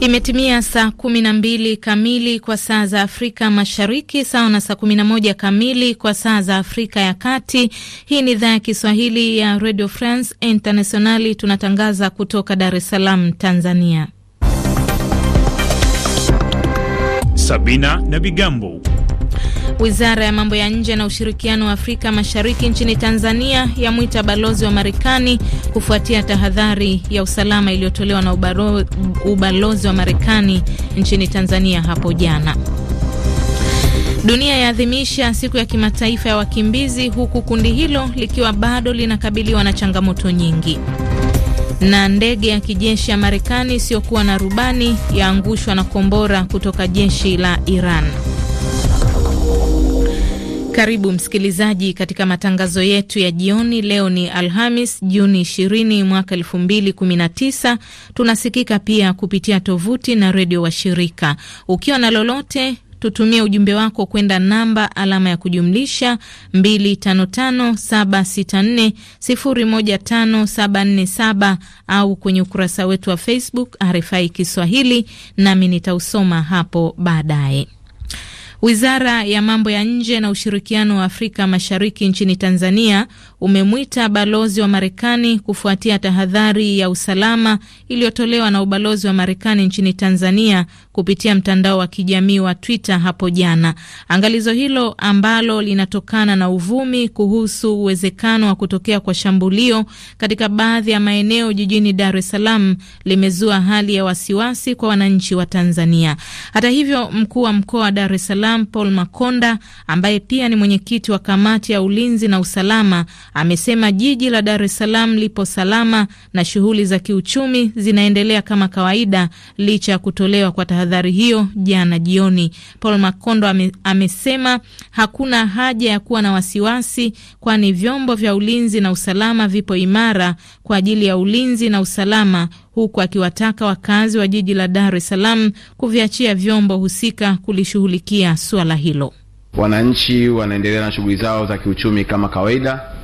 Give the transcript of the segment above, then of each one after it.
Imetimia saa kumi na mbili kamili kwa saa za Afrika Mashariki, sawa na saa kumi na moja kamili kwa saa za Afrika ya Kati. Hii ni idhaa ya Kiswahili ya Radio France Internationali, tunatangaza kutoka Dar es Salaam, Tanzania. Sabina na Bigambo Wizara ya mambo ya nje na ushirikiano wa Afrika Mashariki nchini Tanzania yamwita balozi wa Marekani kufuatia tahadhari ya usalama iliyotolewa na ubaro, ubalozi wa Marekani nchini Tanzania hapo jana. Dunia yaadhimisha siku ya kimataifa ya wakimbizi huku kundi hilo likiwa bado linakabiliwa na changamoto nyingi. Na ndege ya kijeshi ya Marekani isiyokuwa na rubani yaangushwa na kombora kutoka jeshi la Iran. Karibu msikilizaji katika matangazo yetu ya jioni. Leo ni Alhamis, Juni 20 mwaka 2019. Tunasikika pia kupitia tovuti na redio wa shirika Ukiwa na lolote tutumie ujumbe wako kwenda namba alama ya kujumlisha 255764015747 au kwenye ukurasa wetu wa Facebook RFI Kiswahili, nami nitausoma hapo baadaye. Wizara ya mambo ya nje na ushirikiano wa Afrika Mashariki nchini Tanzania umemwita balozi wa Marekani kufuatia tahadhari ya usalama iliyotolewa na ubalozi wa Marekani nchini Tanzania kupitia mtandao wa kijamii wa Twitter hapo jana. Angalizo hilo ambalo linatokana na uvumi kuhusu uwezekano wa kutokea kwa shambulio katika baadhi ya maeneo jijini Dar es Salaam limezua hali ya wasiwasi kwa wananchi wa Tanzania. Hata hivyo, mkuu wa mkoa wa Dar es Salaam Paul Makonda ambaye pia ni mwenyekiti wa kamati ya ulinzi na usalama amesema jiji la Dar es Salaam lipo salama na shughuli za kiuchumi zinaendelea kama kawaida licha ya kutolewa kwa tahadhari hiyo jana jioni. Paul Makondo ame, amesema hakuna haja ya kuwa na wasiwasi, kwani vyombo vya ulinzi na usalama vipo imara kwa ajili ya ulinzi na usalama huku akiwataka wakazi wa jiji la Dar es Salaam kuviachia vyombo husika kulishughulikia suala hilo. Wananchi wanaendelea na shughuli zao za kiuchumi kama kawaida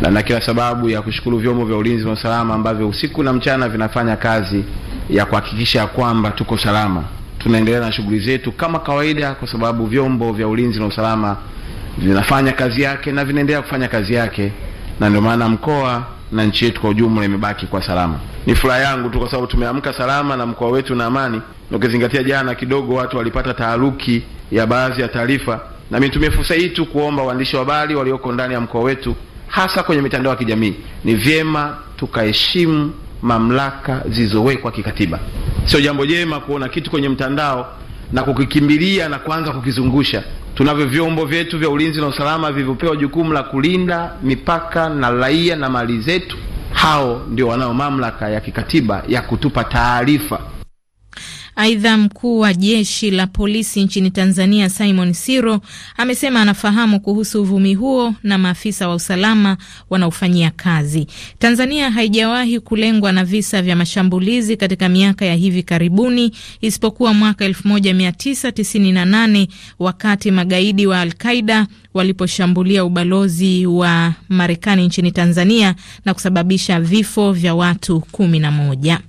na, na kila sababu ya kushukuru vyombo vya ulinzi na usalama ambavyo usiku na mchana vinafanya kazi ya kuhakikisha kwamba tuko salama. Tunaendelea na shughuli zetu kama kawaida, kwa sababu vyombo vya ulinzi na usalama vinafanya kazi yake na vinaendelea kufanya kazi yake, na ndio maana mkoa na nchi yetu kwa ujumla imebaki kwa salama. Ni furaha yangu tu kwa sababu tumeamka salama na mkoa wetu na amani, na ukizingatia jana kidogo watu walipata taharuki ya baadhi ya taarifa, na mimi nitumie fursa hii tu kuomba waandishi wa habari walioko ndani ya mkoa wetu hasa kwenye mitandao ya kijamii, ni vyema tukaheshimu mamlaka zilizowekwa kikatiba. Sio jambo jema kuona kitu kwenye mtandao na kukikimbilia na kuanza kukizungusha. Tunavyo vyombo vyetu vya ulinzi na usalama vilivyopewa jukumu la kulinda mipaka na raia na mali zetu. Hao ndio wanao mamlaka ya kikatiba ya kutupa taarifa Aidha, mkuu wa jeshi la polisi nchini Tanzania Simon Siro amesema anafahamu kuhusu uvumi huo na maafisa wa usalama wanaofanyia kazi. Tanzania haijawahi kulengwa na visa vya mashambulizi katika miaka ya hivi karibuni isipokuwa mwaka 1998 wakati magaidi wa alqaida waliposhambulia ubalozi wa Marekani nchini Tanzania na kusababisha vifo vya watu kumi na moja.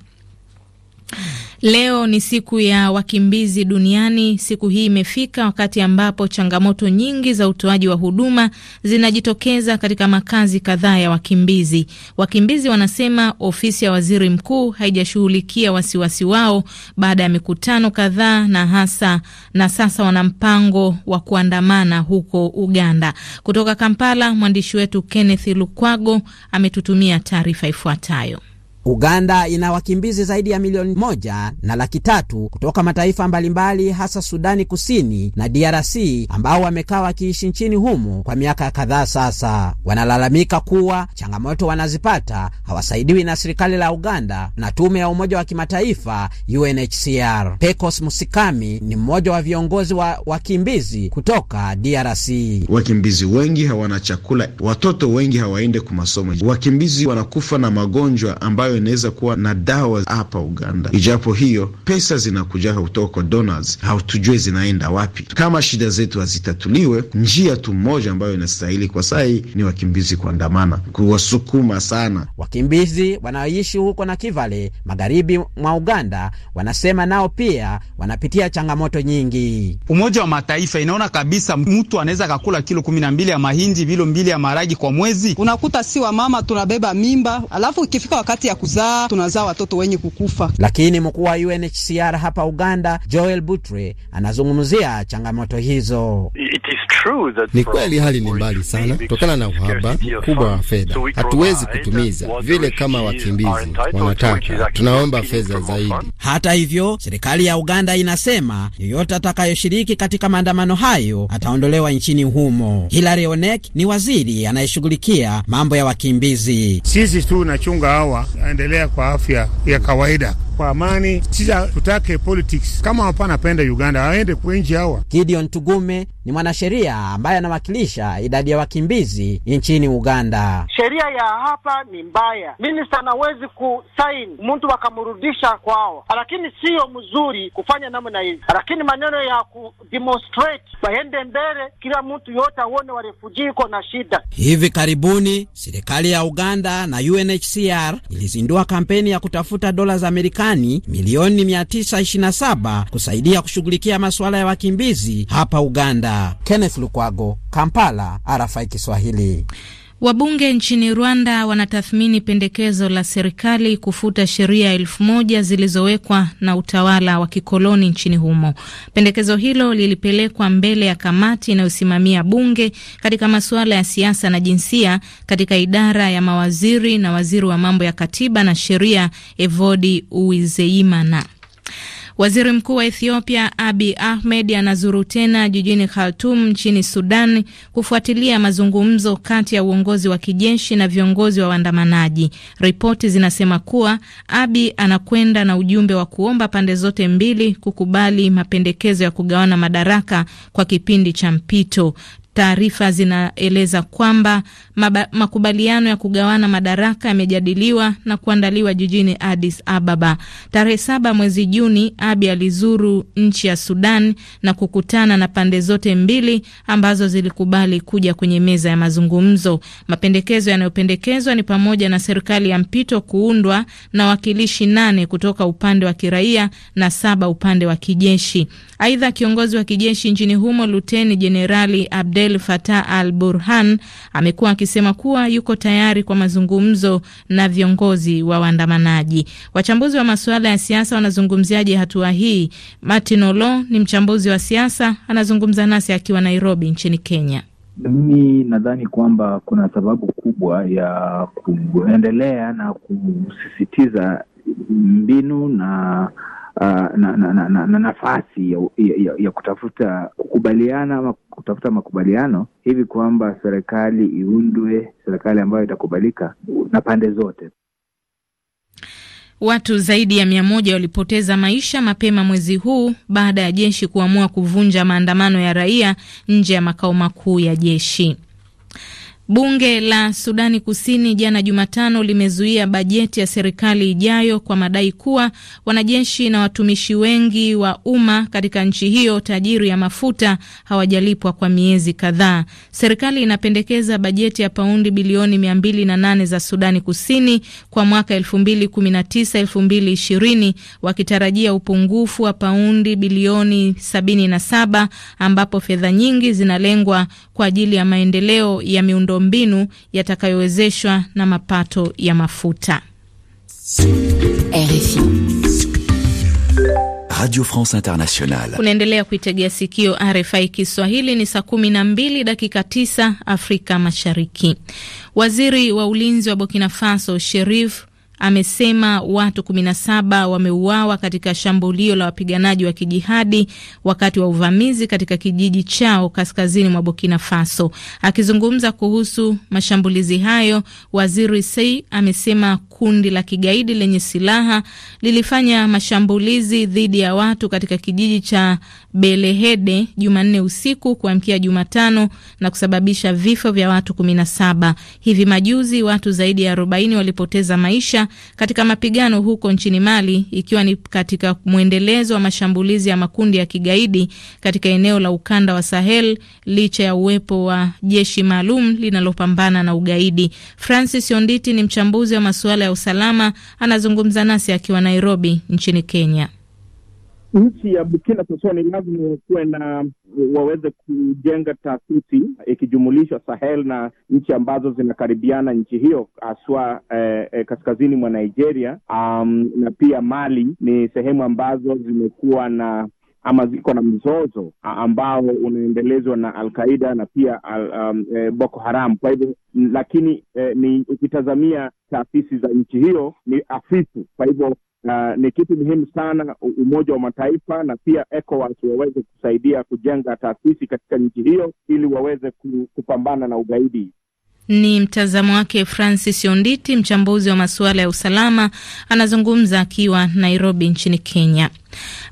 Leo ni siku ya wakimbizi duniani. Siku hii imefika wakati ambapo changamoto nyingi za utoaji wa huduma zinajitokeza katika makazi kadhaa ya wakimbizi. Wakimbizi wanasema ofisi ya waziri mkuu haijashughulikia wasiwasi wao baada ya mikutano kadhaa na hasa na sasa wana mpango wa kuandamana huko Uganda. Kutoka Kampala, mwandishi wetu Kenneth Lukwago ametutumia taarifa ifuatayo. Uganda ina wakimbizi zaidi ya milioni moja na laki tatu kutoka mataifa mbalimbali hasa Sudani Kusini na DRC ambao wamekaa wakiishi nchini humo kwa miaka kadhaa sasa. Wanalalamika kuwa changamoto wanazipata hawasaidiwi na serikali la Uganda na tume ya Umoja wa Kimataifa UNHCR. Pecos Musikami ni mmoja wa viongozi wa wakimbizi kutoka DRC. Wakimbizi wengi hawana chakula, watoto wengi hawaende kumasomo, wakimbizi wanakufa na magonjwa ambayo ambayo inaweza kuwa na dawa hapa Uganda, ijapo hiyo pesa zinakuja kutoka kwa donors, hautujue zinaenda wapi. Kama shida zetu hazitatuliwe, njia tu moja ambayo inastahili kwa sahi ni wakimbizi kuandamana, kuwasukuma sana wakimbizi wanaoishi huko na Kivale magharibi mwa Uganda. Wanasema nao pia wanapitia changamoto nyingi. Umoja wa Mataifa inaona kabisa mtu anaweza kakula kilo kumi na mbili ya mahindi, kilo mbili ya maragi kwa mwezi. Unakuta si wamama tunabeba mimba, alafu ikifika wakati ya kuzaa tunazaa watoto wenye kukufa. Lakini mkuu wa UNHCR hapa Uganda, Joel Butre, anazungumzia changamoto hizo. It is true that ni kweli hali ni mbali sana kutokana na uhaba mkubwa wa fedha, hatuwezi kutumiza vile kama wakimbizi wanataka, tunaomba fedha zaidi. Hata hivyo, serikali ya Uganda inasema yoyote atakayoshiriki katika maandamano hayo ataondolewa nchini humo. Hilary Onek ni waziri anayeshughulikia mambo ya wakimbizi. Sisi tu nachunga hawa wanaendelea kwa afya ya kawaida kwa amani, sija tutake politics. Kama wapa napenda Uganda waende kwenji hawa. Gideon Tugume ni mwanasheria ambaye anawakilisha idadi ya wakimbizi nchini Uganda. Sheria ya hapa ni mbaya, minista anawezi kusaini mtu wakamrudisha kwao, lakini siyo mzuri kufanya namna hizi, lakini maneno ya kudemonstrate waende mbele, kila mtu yote aone warefujii iko na shida. Hivi karibuni serikali ya Uganda na UNHCR ilizindua kampeni ya kutafuta dola za Amerika Marekani milioni 927 kusaidia kushughulikia masuala ya wakimbizi hapa Uganda. Kenneth Lukwago, Kampala, RFI Kiswahili. Wabunge nchini Rwanda wanatathmini pendekezo la serikali kufuta sheria elfu moja zilizowekwa na utawala wa kikoloni nchini humo. Pendekezo hilo lilipelekwa mbele ya kamati inayosimamia bunge katika masuala ya siasa na jinsia katika idara ya mawaziri na waziri wa mambo ya katiba na sheria Evodi uizeimana Waziri mkuu wa Ethiopia Abi Ahmed anazuru tena jijini Khartum nchini Sudan kufuatilia mazungumzo kati ya uongozi wa kijeshi na viongozi wa waandamanaji. Ripoti zinasema kuwa Abi anakwenda na ujumbe wa kuomba pande zote mbili kukubali mapendekezo ya kugawana madaraka kwa kipindi cha mpito. Taarifa zinaeleza kwamba maba, makubaliano ya kugawana madaraka yamejadiliwa na kuandaliwa jijini Addis Ababa. Tarehe saba mwezi Juni, Abiy alizuru nchi ya Sudan na kukutana na pande zote mbili ambazo zilikubali kuja kwenye meza ya mazungumzo. Mapendekezo yanayopendekezwa ni pamoja na serikali ya mpito kuundwa na wakilishi nane kutoka upande wa kiraia na saba upande wa kijeshi. Aidha, kiongozi wa kijeshi nchini humo Luteni Jenerali Abdel Abdel Fattah al-Burhan amekuwa akisema kuwa yuko tayari kwa mazungumzo na viongozi wa waandamanaji. Wachambuzi wa masuala ya siasa wanazungumziaje hatua hii? Martin Olo ni mchambuzi wa siasa, anazungumza nasi akiwa Nairobi nchini Kenya. Mimi nadhani kwamba kuna sababu kubwa ya kuendelea na kusisitiza mbinu na uh, na, na, na, na, na nafasi ya, ya, ya kutafuta kukubaliana ama kutafuta makubaliano hivi kwamba serikali iundwe, serikali ambayo itakubalika na pande zote. Watu zaidi ya mia moja walipoteza maisha mapema mwezi huu baada ya jeshi kuamua kuvunja maandamano ya raia nje ya makao makuu ya jeshi. Bunge la Sudani Kusini jana Jumatano limezuia bajeti ya serikali ijayo kwa madai kuwa wanajeshi na watumishi wengi wa umma katika nchi hiyo tajiri ya mafuta hawajalipwa kwa miezi kadhaa. Serikali inapendekeza bajeti ya paundi bilioni 208 za Sudani Kusini kwa mwaka 2019-2020 wakitarajia upungufu wa paundi bilioni 77 ambapo fedha nyingi zinalengwa kwa ajili ya maendeleo ya miundo miundombinu yatakayowezeshwa na mapato ya mafuta. RFI Radio France Internationale. Unaendelea kuitegea sikio RFI Kiswahili. Ni saa kumi na mbili dakika tisa Afrika Mashariki. Waziri wa ulinzi wa Burkina Faso Sherif amesema watu 17 wameuawa katika shambulio la wapiganaji wa kijihadi wakati wa uvamizi katika kijiji chao kaskazini mwa Burkina Faso. Akizungumza kuhusu mashambulizi hayo, waziri Sei amesema kundi la kigaidi lenye silaha lilifanya mashambulizi dhidi ya watu katika kijiji cha Belehede Jumanne usiku kuamkia Jumatano na kusababisha vifo vya watu 17. Hivi majuzi watu zaidi ya 40 walipoteza maisha katika mapigano huko nchini Mali, ikiwa ni katika mwendelezo wa mashambulizi ya makundi ya kigaidi katika eneo la ukanda wa Sahel, licha ya uwepo wa jeshi maalum linalopambana na ugaidi. Francis Onditi ni mchambuzi wa masuala ya usalama, anazungumza nasi akiwa Nairobi nchini Kenya nchi ya Burkina Faso ni lazima kuwe na waweze kujenga taasisi ikijumulisha Sahel na nchi ambazo zinakaribiana nchi hiyo haswa eh, eh, kaskazini mwa Nigeria um, na pia Mali ni sehemu ambazo zimekuwa na ama ziko na mzozo ambao unaendelezwa na Alqaida na pia al, um, e, Boko Haram. Kwa hivyo lakini e, ni ukitazamia taasisi za nchi hiyo ni afifu kwa hivyo na ni kitu muhimu sana Umoja wa Mataifa na pia ECOWAS waweze kusaidia kujenga taasisi katika nchi hiyo ili waweze kupambana na ugaidi. Ni mtazamo wake Francis Onditi, mchambuzi wa masuala ya usalama, anazungumza akiwa Nairobi nchini Kenya.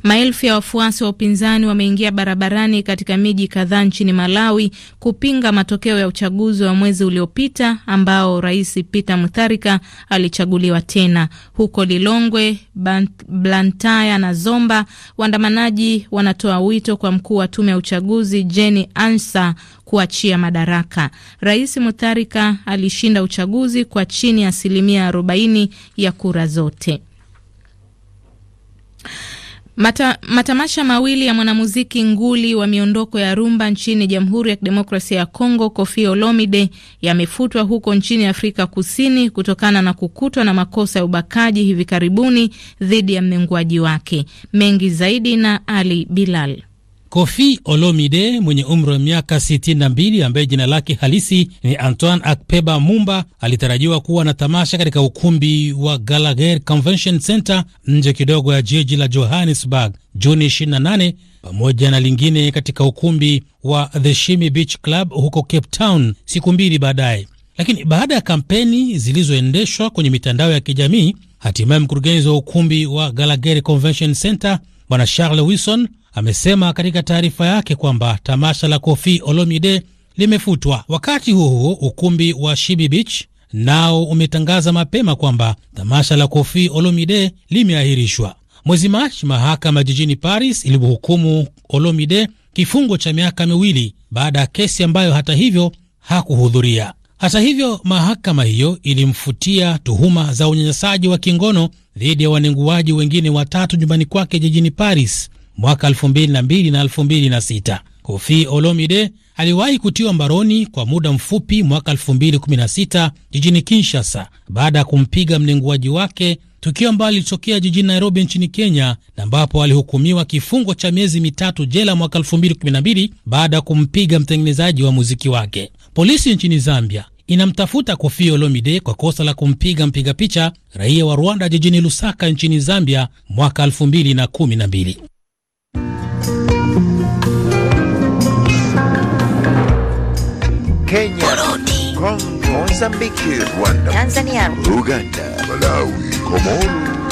Maelfu ya wafuasi wa upinzani wameingia barabarani katika miji kadhaa nchini Malawi kupinga matokeo ya uchaguzi wa mwezi uliopita ambao Rais Peter Mutharika alichaguliwa tena. Huko Lilongwe, Blantaya na Zomba, waandamanaji wanatoa wito kwa mkuu wa tume ya uchaguzi Jeni Ansa kuachia madaraka. Rais Mutharika alishinda uchaguzi kwa chini ya asilimia 40 ya kura zote. Mata, matamasha mawili ya mwanamuziki nguli wa miondoko ya rumba nchini Jamhuri ya Kidemokrasia ya Kongo, Koffi Olomide, yamefutwa huko nchini Afrika Kusini kutokana na kukutwa na makosa ya ubakaji hivi karibuni dhidi ya mmenguaji wake. Mengi zaidi na Ali Bilal. Kofi Olomide mwenye umri wa miaka 62 ambaye jina lake halisi ni Antoine Akpeba Mumba alitarajiwa kuwa na tamasha katika ukumbi wa Gallagher Convention Center nje kidogo ya jiji la Johannesburg Juni 28 pamoja na lingine katika ukumbi wa The Shimi Beach Club huko Cape Town siku mbili baadaye. Lakini baada ya kampeni zilizoendeshwa kwenye mitandao ya kijamii, hatimaye mkurugenzi wa ukumbi wa Gallagher Convention Center Bwana Charles Wilson amesema katika taarifa yake kwamba tamasha la kofi Olomide limefutwa. Wakati huo huo, ukumbi wa Shibi Beach nao umetangaza mapema kwamba tamasha la kofi Olomide limeahirishwa. Mwezi Machi, mahakama jijini Paris ilimhukumu Olomide kifungo cha miaka miwili baada ya kesi ambayo hata hivyo hakuhudhuria. Hata hivyo, mahakama hiyo ilimfutia tuhuma za unyanyasaji wa kingono dhidi ya wanenguaji wengine watatu nyumbani kwake jijini Paris mwaka 2002 na 2006. Kofi Olomide aliwahi kutiwa mbaroni kwa muda mfupi mwaka 2016 jijini Kinshasa baada ya kumpiga mlenguaji wake, tukio ambalo lilitokea jijini Nairobi nchini Kenya, na ambapo alihukumiwa kifungo cha miezi mitatu jela mwaka 2012 baada ya kumpiga mtengenezaji wa muziki wake. Polisi nchini Zambia inamtafuta Kofi Olomide kwa kosa la kumpiga mpiga picha raia wa Rwanda jijini Lusaka nchini Zambia mwaka 2012. Kenya, Burundi, Congo, Mozambiki, Rwanda, Tanzania, Uganda, Malawi, Komoro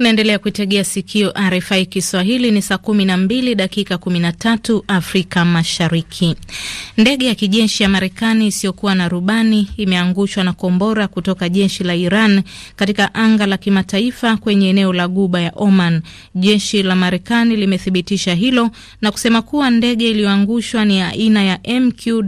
Unaendelea kuitegea sikio RFI Kiswahili. Ni saa kumi na mbili dakika kumi na tatu Afrika Mashariki. Ndege ya kijeshi ya Marekani isiyokuwa na rubani imeangushwa na kombora kutoka jeshi la Iran katika anga la kimataifa kwenye eneo la guba ya Oman. Jeshi la Marekani limethibitisha hilo na kusema kuwa ndege iliyoangushwa ni aina ya MQ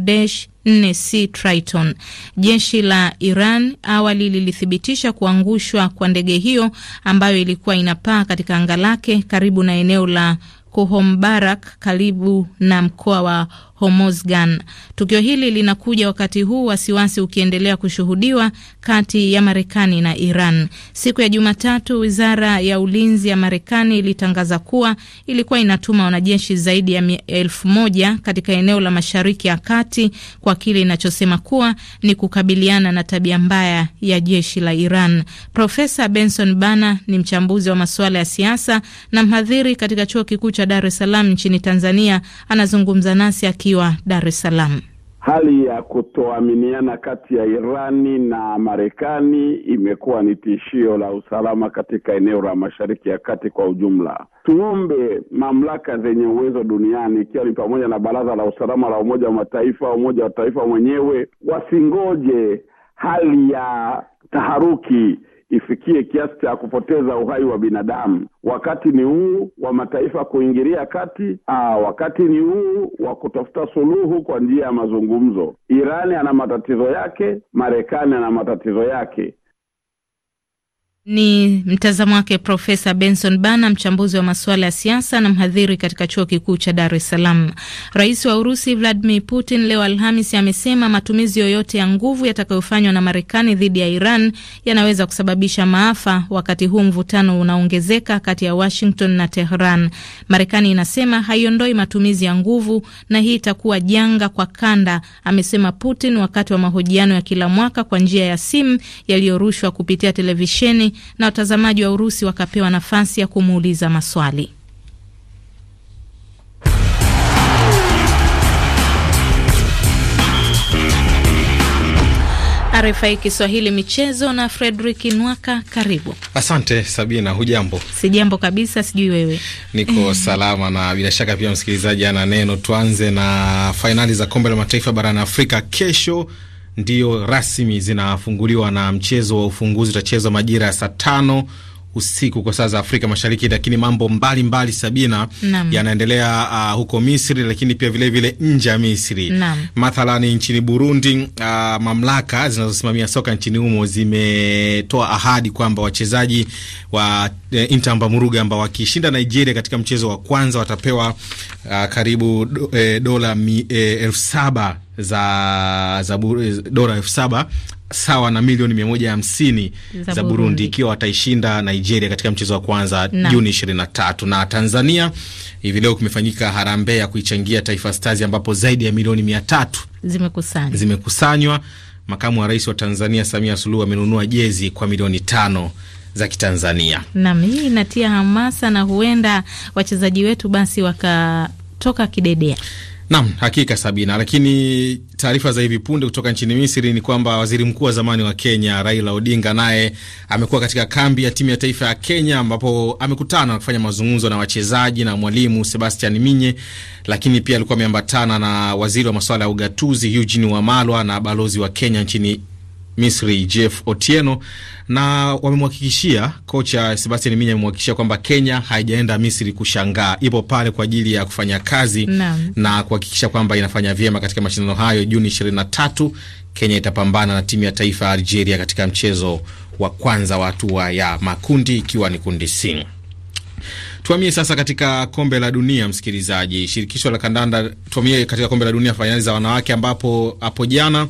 4 si Triton. Jeshi la Iran awali lilithibitisha kuangushwa kwa ndege hiyo ambayo ilikuwa inapaa katika anga lake karibu na eneo la kohombarak karibu na mkoa wa Hormozgan. Tukio hili linakuja wakati huu wasiwasi ukiendelea kushuhudiwa kati ya Marekani na Iran. Siku ya Jumatatu, wizara ya ulinzi ya Marekani ilitangaza kuwa ilikuwa inatuma wanajeshi zaidi ya elfu moja katika eneo la Mashariki ya Kati kwa kile inachosema kuwa ni kukabiliana na tabia mbaya ya jeshi la Iran. Profesa Benson Bana ni mchambuzi wa masuala ya siasa na mhadhiri katika chuo kikuu cha Dar es Salaam nchini Tanzania. Anazungumza nasi aki akiwa Dar es Salaam. Hali ya kutoaminiana kati ya Irani na Marekani imekuwa ni tishio la usalama katika eneo la Mashariki ya Kati kwa ujumla. Tuombe mamlaka zenye uwezo duniani, ikiwa ni pamoja na Baraza la Usalama la Umoja wa Mataifa, Umoja wa Taifa mwenyewe, wasingoje hali ya taharuki ifikie kiasi cha kupoteza uhai wa binadamu. Wakati ni huu wa mataifa kuingilia kati. Aa, wakati ni huu wa kutafuta suluhu kwa njia ya mazungumzo. Irani ana matatizo yake, Marekani ana matatizo yake. Ni mtazamo wake Profesa Benson Bana, mchambuzi wa masuala ya siasa na mhadhiri katika chuo kikuu cha Dar es Salaam. Rais wa Urusi Vladimir Putin leo Alhamis amesema matumizi yoyote ya nguvu yatakayofanywa na Marekani dhidi ya Iran yanaweza kusababisha maafa, wakati huu mvutano unaongezeka kati ya Washington na Tehran. Marekani inasema haiondoi matumizi ya nguvu na hii itakuwa janga kwa kanda, amesema Putin wakati wa mahojiano ya kila mwaka kwa njia ya simu yaliyorushwa kupitia televisheni na watazamaji wa Urusi wakapewa nafasi ya kumuuliza maswali. RFI Kiswahili michezo na Fredrik Nwaka, karibu. Asante Sabina, hujambo? Sijambo kabisa, sijui wewe. Niko salama na bila shaka pia msikilizaji ana neno. Tuanze na fainali za kombe la mataifa barani Afrika kesho ndio rasmi zinafunguliwa na mchezo wa ufunguzi utachezwa majira ya saa tano usiku kwa saa za Afrika Mashariki, lakini mambo mbalimbali mbali Sabina yanaendelea uh, huko Misri, lakini pia vilevile nje ya Misri. Mathalani nchini Burundi, uh, mamlaka zinazosimamia soka nchini humo zimetoa ahadi kwamba wachezaji wa uh, eh, Intamba Muruga ambao wakishinda Nigeria katika mchezo wa kwanza watapewa uh, karibu do, eh, dola mi, eh, elfu saba za, za dola elfu saba sawa na milioni mia moja hamsini za, Burundi ikiwa wataishinda Nigeria katika mchezo wa kwanza Juni ishirini na tatu. Na Tanzania hivi leo kumefanyika harambee ya kuichangia Taifa Stazi ambapo zaidi ya milioni mia tatu zimekusanywa zimekusanywa. Makamu wa rais wa Tanzania Samia Suluhu amenunua jezi kwa milioni tano za Kitanzania. Nam, hii inatia hamasa na huenda wachezaji wetu basi wakatoka kidedea. Naam, hakika Sabina. Lakini taarifa za hivi punde kutoka nchini Misri ni kwamba waziri mkuu wa zamani wa Kenya Raila Odinga naye amekuwa katika kambi ya timu ya taifa ya Kenya ambapo amekutana na kufanya mazungumzo na wachezaji na mwalimu Sebastian Minye, lakini pia alikuwa ameambatana na waziri wa masuala ya ugatuzi Eugene Wamalwa na balozi wa Kenya nchini Misri Jeff Otieno, na wamemhakikishia kocha Sebastian Minya amemhakikishia kwamba Kenya haijaenda Misri kushangaa, ipo pale kwa ajili ya kufanya kazi na, na kuhakikisha kwamba inafanya vyema katika mashindano hayo. Juni 23 Kenya itapambana na timu ya taifa ya Algeria katika mchezo wa kwanza wa hatua ya makundi ikiwa ni kundi C. Tuamie sasa katika kombe la dunia, msikilizaji. Shirikisho la kandanda, tuamie katika kombe la dunia fainali za wanawake, ambapo hapo jana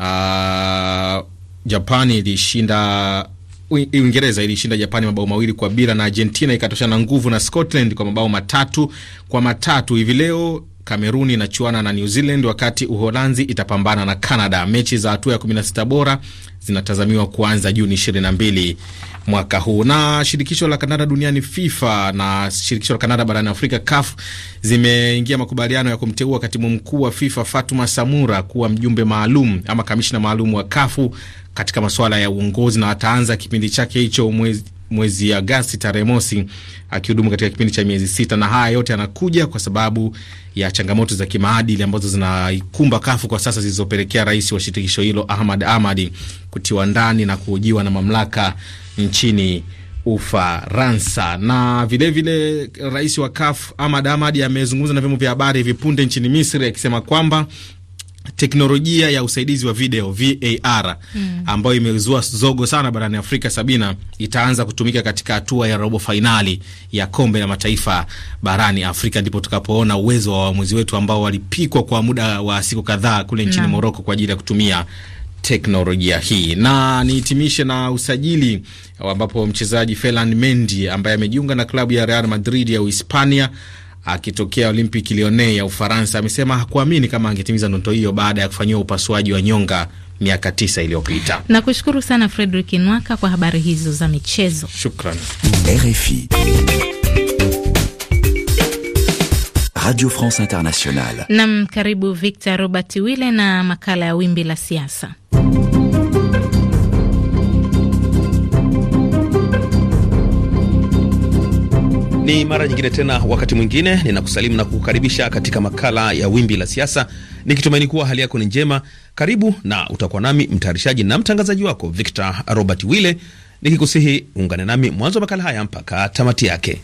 uh, Japani ilishinda Uingereza ilishinda Japani mabao mawili kwa bila na Argentina ikatoshana nguvu na Scotland kwa mabao matatu kwa matatu. Hivi leo Kameruni inachuana na New Zealand, wakati Uholanzi itapambana na Canada. Mechi za hatua ya 16 bora zinatazamiwa kuanza Juni 22 mwaka huu. Na shirikisho la Kanada duniani FIFA na shirikisho la Kanada barani Afrika CAF zimeingia makubaliano ya kumteua katibu mkuu wa FIFA Fatuma Samura kuwa mjumbe maalum ama kamishna maalum wa CAF katika masuala ya uongozi na ataanza kipindi chake hicho mwezi mwezi Agasti tarehe mosi, akihudumu katika kipindi cha miezi sita, na haya yote yanakuja kwa sababu ya changamoto za kimaadili ambazo zinaikumba kafu kwa sasa zilizopelekea rais wa shirikisho hilo Ahmad Ahmadi kutiwa ndani na kuhojiwa na mamlaka nchini Ufaransa. Na vilevile rais wa kafu Ahmad Ahmadi amezungumza na vyombo vya habari hivi punde nchini Misri akisema kwamba teknolojia ya usaidizi wa video VAR mm, ambayo imezua zogo sana barani Afrika Sabina, itaanza kutumika katika hatua ya robo fainali ya kombe la mataifa barani Afrika, ndipo tukapoona uwezo wa waamuzi wetu ambao walipikwa kwa muda wa siku kadhaa kule nchini Moroko kwa ajili ya kutumia teknolojia hii. Na nihitimishe na usajili ambapo mchezaji Ferland Mendy ambaye amejiunga na klabu ya Real Madrid ya Uhispania akitokea Olympic Lyonnais ya Ufaransa amesema hakuamini kama angetimiza ndoto hiyo baada ya kufanyiwa upasuaji wa nyonga miaka tisa iliyopita. Nakushukuru sana Fredrick Nwaka kwa habari hizo za michezo. Shukran. RFI Radio France Internationale. Nam, karibu Victor Robert Wille na makala ya wimbi la siasa. Ni mara nyingine tena, wakati mwingine ninakusalimu na kukukaribisha katika makala ya Wimbi la Siasa, nikitumaini kuwa hali yako ni njema. Karibu na utakuwa nami mtayarishaji na mtangazaji wako Victor Robert Wille, nikikusihi uungane nami mwanzo wa makala haya mpaka tamati yake.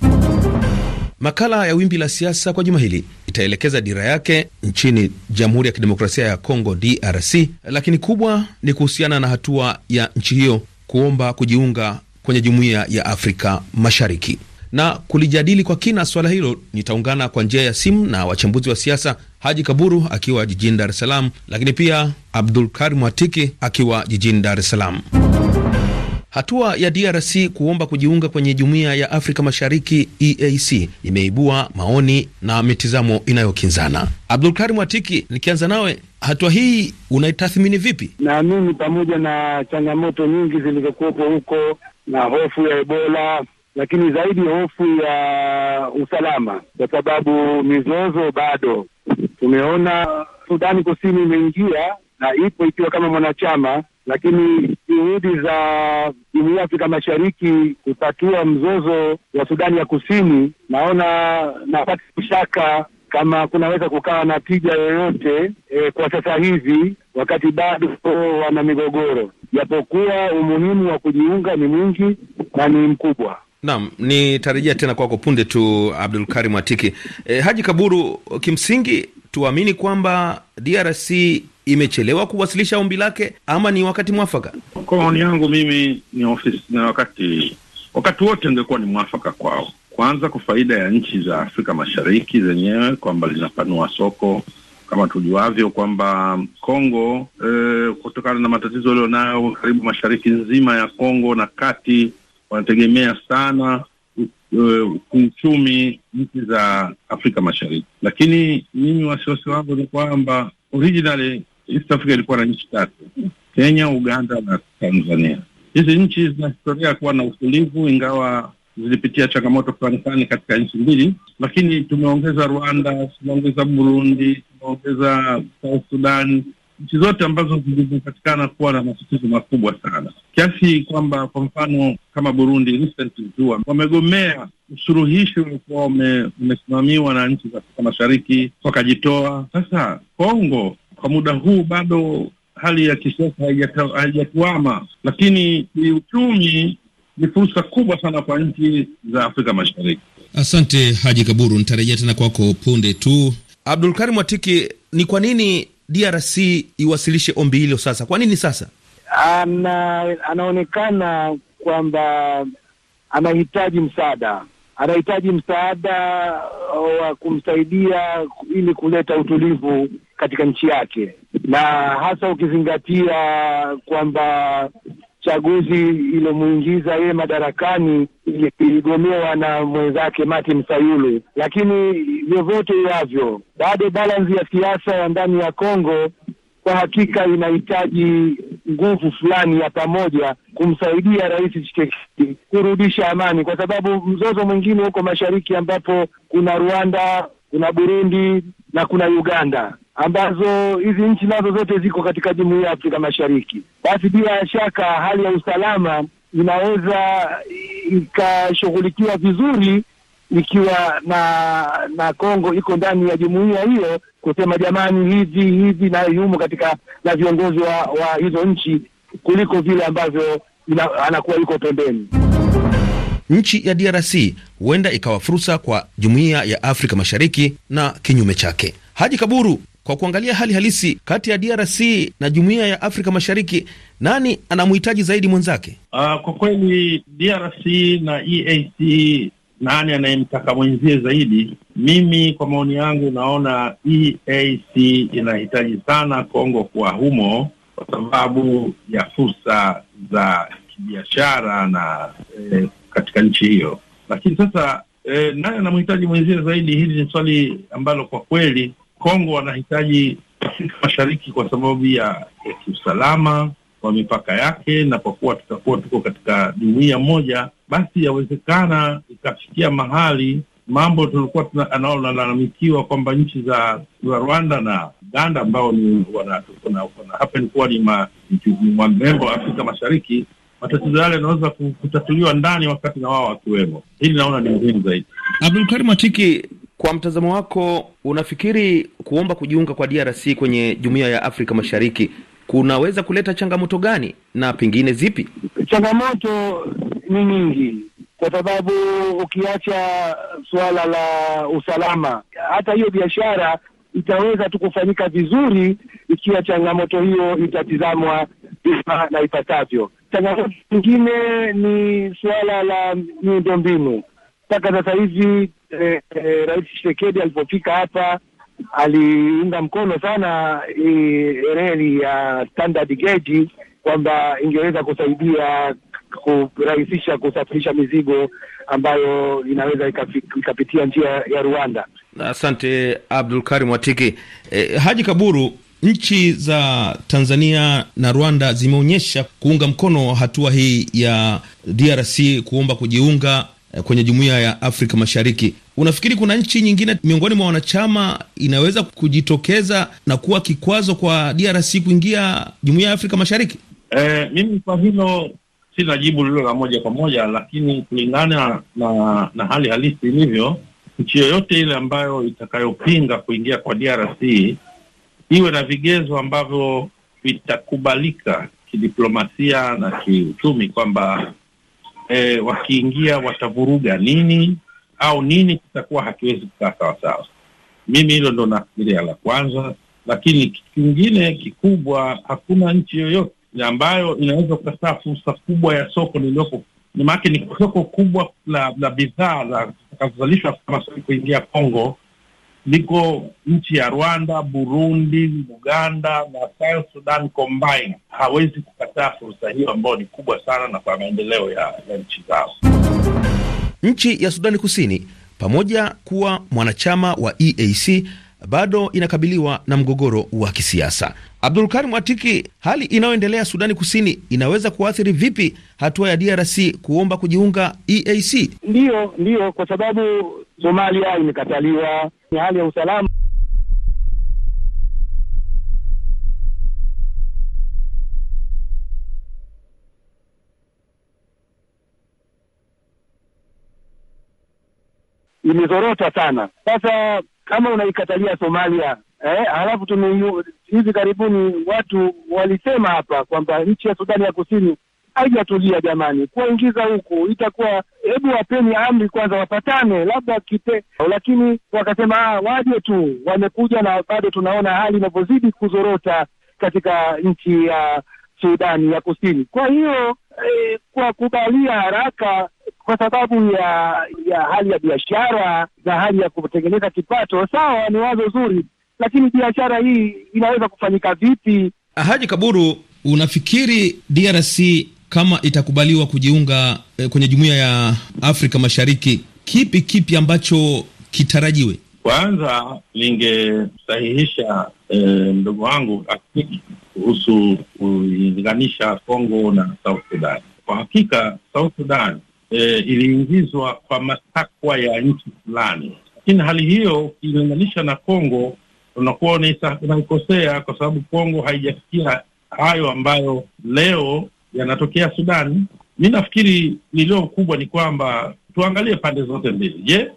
Makala ya Wimbi la Siasa kwa juma hili itaelekeza dira yake nchini Jamhuri ya Kidemokrasia ya Kongo, DRC, lakini kubwa ni kuhusiana na hatua ya nchi hiyo kuomba kujiunga kwenye Jumuiya ya Afrika Mashariki na kulijadili kwa kina swala hilo, nitaungana kwa njia ya simu na wachambuzi wa siasa Haji Kaburu akiwa jijini Dar es Salaam, lakini pia Karim Watiki akiwa jijini Dar es Salaam. Hatua ya DRC kuomba kujiunga kwenye jumuiya ya Afrika Mashariki EAC imeibua maoni na mitizamo inayokinzana. abdul Karim Watiki, nikianza nawe, hatua hii unaitathmini vipi? Naamini pamoja na changamoto nyingi zilizokuwepo huko na hofu ya Ebola lakini zaidi hofu ya usalama, kwa sababu mizozo bado tumeona. Sudani Kusini imeingia na ipo ikiwa kama mwanachama, lakini juhudi za Jumuiya ya Afrika Mashariki kutatua mzozo wa Sudani ya Kusini, naona napata kushaka kama kunaweza kukawa na tija yoyote e, kwa sasa hivi wakati bado wana migogoro, japokuwa umuhimu wa kujiunga ni mwingi na ni mkubwa. Naam, nitarejea tena kwako punde tu, Abdul Karim Atiki. E, Haji Kaburu, kimsingi tuamini kwamba DRC imechelewa kuwasilisha ombi lake ama ni wakati mwafaka? Kwa maoni yangu mimi ni ofisi na wakati wakati wote ungekuwa ni mwafaka kwao, kwanza kwa faida ya nchi za Afrika Mashariki zenyewe kwamba linapanua soko kama tujuavyo kwamba Kongo e, kutokana na matatizo yaliyonayo karibu mashariki nzima ya Kongo na kati wanategemea sana kiuchumi uh, nchi za Afrika Mashariki, lakini mimi wasiwasi wangu ni kwamba originally East Africa ilikuwa na nchi tatu: Kenya, Uganda na Tanzania. Hizi nchi zina historia ya kuwa na utulivu, ingawa zilipitia changamoto fulani fulani katika nchi mbili, lakini tumeongeza Rwanda, tumeongeza Burundi, tumeongeza South Sudan nchi zote ambazo zilizopatikana kuwa na matatizo makubwa sana kiasi kwamba kwa mfano kama Burundi wamegomea usuluhishi uliokuwa umesimamiwa na nchi za Afrika Mashariki wakajitoa. Sasa Kongo kwa muda huu bado hali ya kisiasa haijatuama, lakini kiuchumi ni fursa kubwa sana kwa nchi za Afrika Mashariki. Asante Haji Kaburu, nitarejea tena kwako punde tu. Abdulkarim Watiki, ni kwa nini DRC iwasilishe ombi hilo sasa. Kwa nini sasa? Ana, anaonekana kwamba anahitaji msaada, anahitaji msaada uh, wa kumsaidia ili kuleta utulivu katika nchi yake, na hasa ukizingatia kwamba chaguzi iliyomwingiza yeye madarakani iligomewa na mwenzake Martin Fayulu, lakini vyovyote yavyo, bado balansi ya siasa ya ndani ya Kongo kwa hakika inahitaji nguvu fulani ya pamoja kumsaidia Rais Tshisekedi kurudisha amani, kwa sababu mzozo mwingine huko mashariki ambapo kuna Rwanda, kuna Burundi na kuna Uganda ambazo hizi nchi nazo zote ziko katika jumuiya ya Afrika Mashariki, basi bila shaka hali ya usalama inaweza ikashughulikiwa vizuri ikiwa na na Kongo iko ndani ya jumuiya hiyo, kusema jamani, hivi hivi na yumo katika na viongozi wa, wa hizo nchi kuliko vile ambavyo ina, anakuwa yuko pembeni. Nchi ya DRC huenda ikawa fursa kwa jumuiya ya Afrika Mashariki na kinyume chake. Haji Kaburu, kwa kuangalia hali halisi kati ya DRC na jumuiya ya Afrika Mashariki, nani anamhitaji zaidi mwenzake? Uh, kwa kweli DRC na EAC nani anayemtaka mwenzie zaidi? Mimi kwa maoni yangu naona EAC inahitaji sana Kongo kuwa humo kwa sababu ya fursa za kibiashara na eh, katika nchi hiyo. Lakini sasa eh, nani anamhitaji mwenzie zaidi? Hili ni swali ambalo kwa kweli Kongo wanahitaji Afrika Mashariki kwa sababu ya, ya kiusalama kwa mipaka yake, na kwa kuwa tutakuwa tuko katika jumuiya moja, basi yawezekana ikafikia mahali mambo tulikuwa anaonalalamikiwa kwamba nchi za, za Rwanda na Uganda ambao ni wanahapen kuwa ni mwamembo wa Afrika Mashariki, matatizo yale yanaweza kutatuliwa ndani wakati na wao wakiwemo. Hili naona ni muhimu zaidi. Abdulkarim Atiki, kwa mtazamo wako, unafikiri kuomba kujiunga kwa DRC kwenye jumuiya ya Afrika Mashariki kunaweza kuleta changamoto gani na pengine zipi? Changamoto ni nyingi, kwa sababu ukiacha suala la usalama, hata hiyo biashara itaweza tu kufanyika vizuri ikiwa changamoto hiyo itatizamwa na ipasavyo. Changamoto nyingine ni suala la miundombinu mpaka sasa hivi eh, eh, Rais Tshisekedi alipofika hapa aliunga mkono sana eh, reli ya standard gauge kwamba ingeweza kusaidia kurahisisha kusafirisha mizigo ambayo inaweza ikapitia njia ya Rwanda. Asante Abdul Karim Watiki. Eh, Haji Kaburu, nchi za Tanzania na Rwanda zimeonyesha kuunga mkono hatua hii ya DRC kuomba kujiunga Eh, kwenye jumuiya ya Afrika Mashariki. Unafikiri kuna nchi nyingine miongoni mwa wanachama inaweza kujitokeza na kuwa kikwazo kwa DRC kuingia jumuiya ya Afrika Mashariki? E, mimi kwa hilo sina jibu lilo la moja kwa moja, lakini kulingana na, na hali halisi ilivyo, nchi yoyote ile ambayo itakayopinga kuingia kwa DRC iwe na vigezo ambavyo vitakubalika kidiplomasia na kiuchumi kwamba e, wakiingia watavuruga nini au nini kitakuwa hakiwezi kukaa sawasawa. Mimi hilo ndo nafikiria la kwanza, lakini kitu kingine kikubwa, hakuna nchi yoyote ambayo inaweza kukataa fursa kubwa ya soko lililoko maanake ni soko kubwa la la bidhaa zitakazozalishwa kama kuingia Kongo liko nchi ya Rwanda, Burundi, Uganda na South Sudan combined, hawezi kukataa fursa hiyo ambayo ni kubwa sana na kwa maendeleo ya, ya nchi zao. Nchi ya Sudani Kusini pamoja kuwa mwanachama wa EAC bado inakabiliwa na mgogoro wa kisiasa. Karim Atiki, hali inayoendelea Sudani Kusini inaweza kuathiri vipi hatua ya DRC kuomba kujiunga EAC? Ndiyo, ndiyo, kwa sababu Somalia imekataliwa ni hali ya usalama imezorota sana. Sasa kama unaikatalia Somalia eh, halafu tume hivi karibuni watu walisema hapa kwamba nchi ya Sudani ya Kusini haijatulia jamani, kuwaingiza huku itakuwa, hebu wapeni amri kwanza, wapatane labda kite, lakini wakasema ah, waje tu, wamekuja na bado tunaona hali inavyozidi kuzorota katika nchi ya Sudani ya Kusini. Kwa hiyo e, kwa kubalia haraka kwa sababu ya ya hali ya biashara na hali ya kutengeneza kipato, sawa, ni wazo zuri, lakini biashara hii inaweza kufanyika vipi? Haji Kaburu, unafikiri DRC kama itakubaliwa kujiunga eh, kwenye jumuiya ya Afrika Mashariki, kipi kipi ambacho kitarajiwe? Kwanza ningesahihisha eh, mdogo wangu Akiki kuhusu kuilinganisha Kongo na South Sudan. Kwa hakika South Sudan eh, iliingizwa kwa matakwa ya nchi fulani, lakini hali hiyo ukilinganisha na Kongo unakuwa unaikosea, kwa sababu Kongo haijafikia hayo ambayo leo yanatokea Sudani. Mi nafikiri lililo kubwa ni kwamba tuangalie pande zote mbili. Je,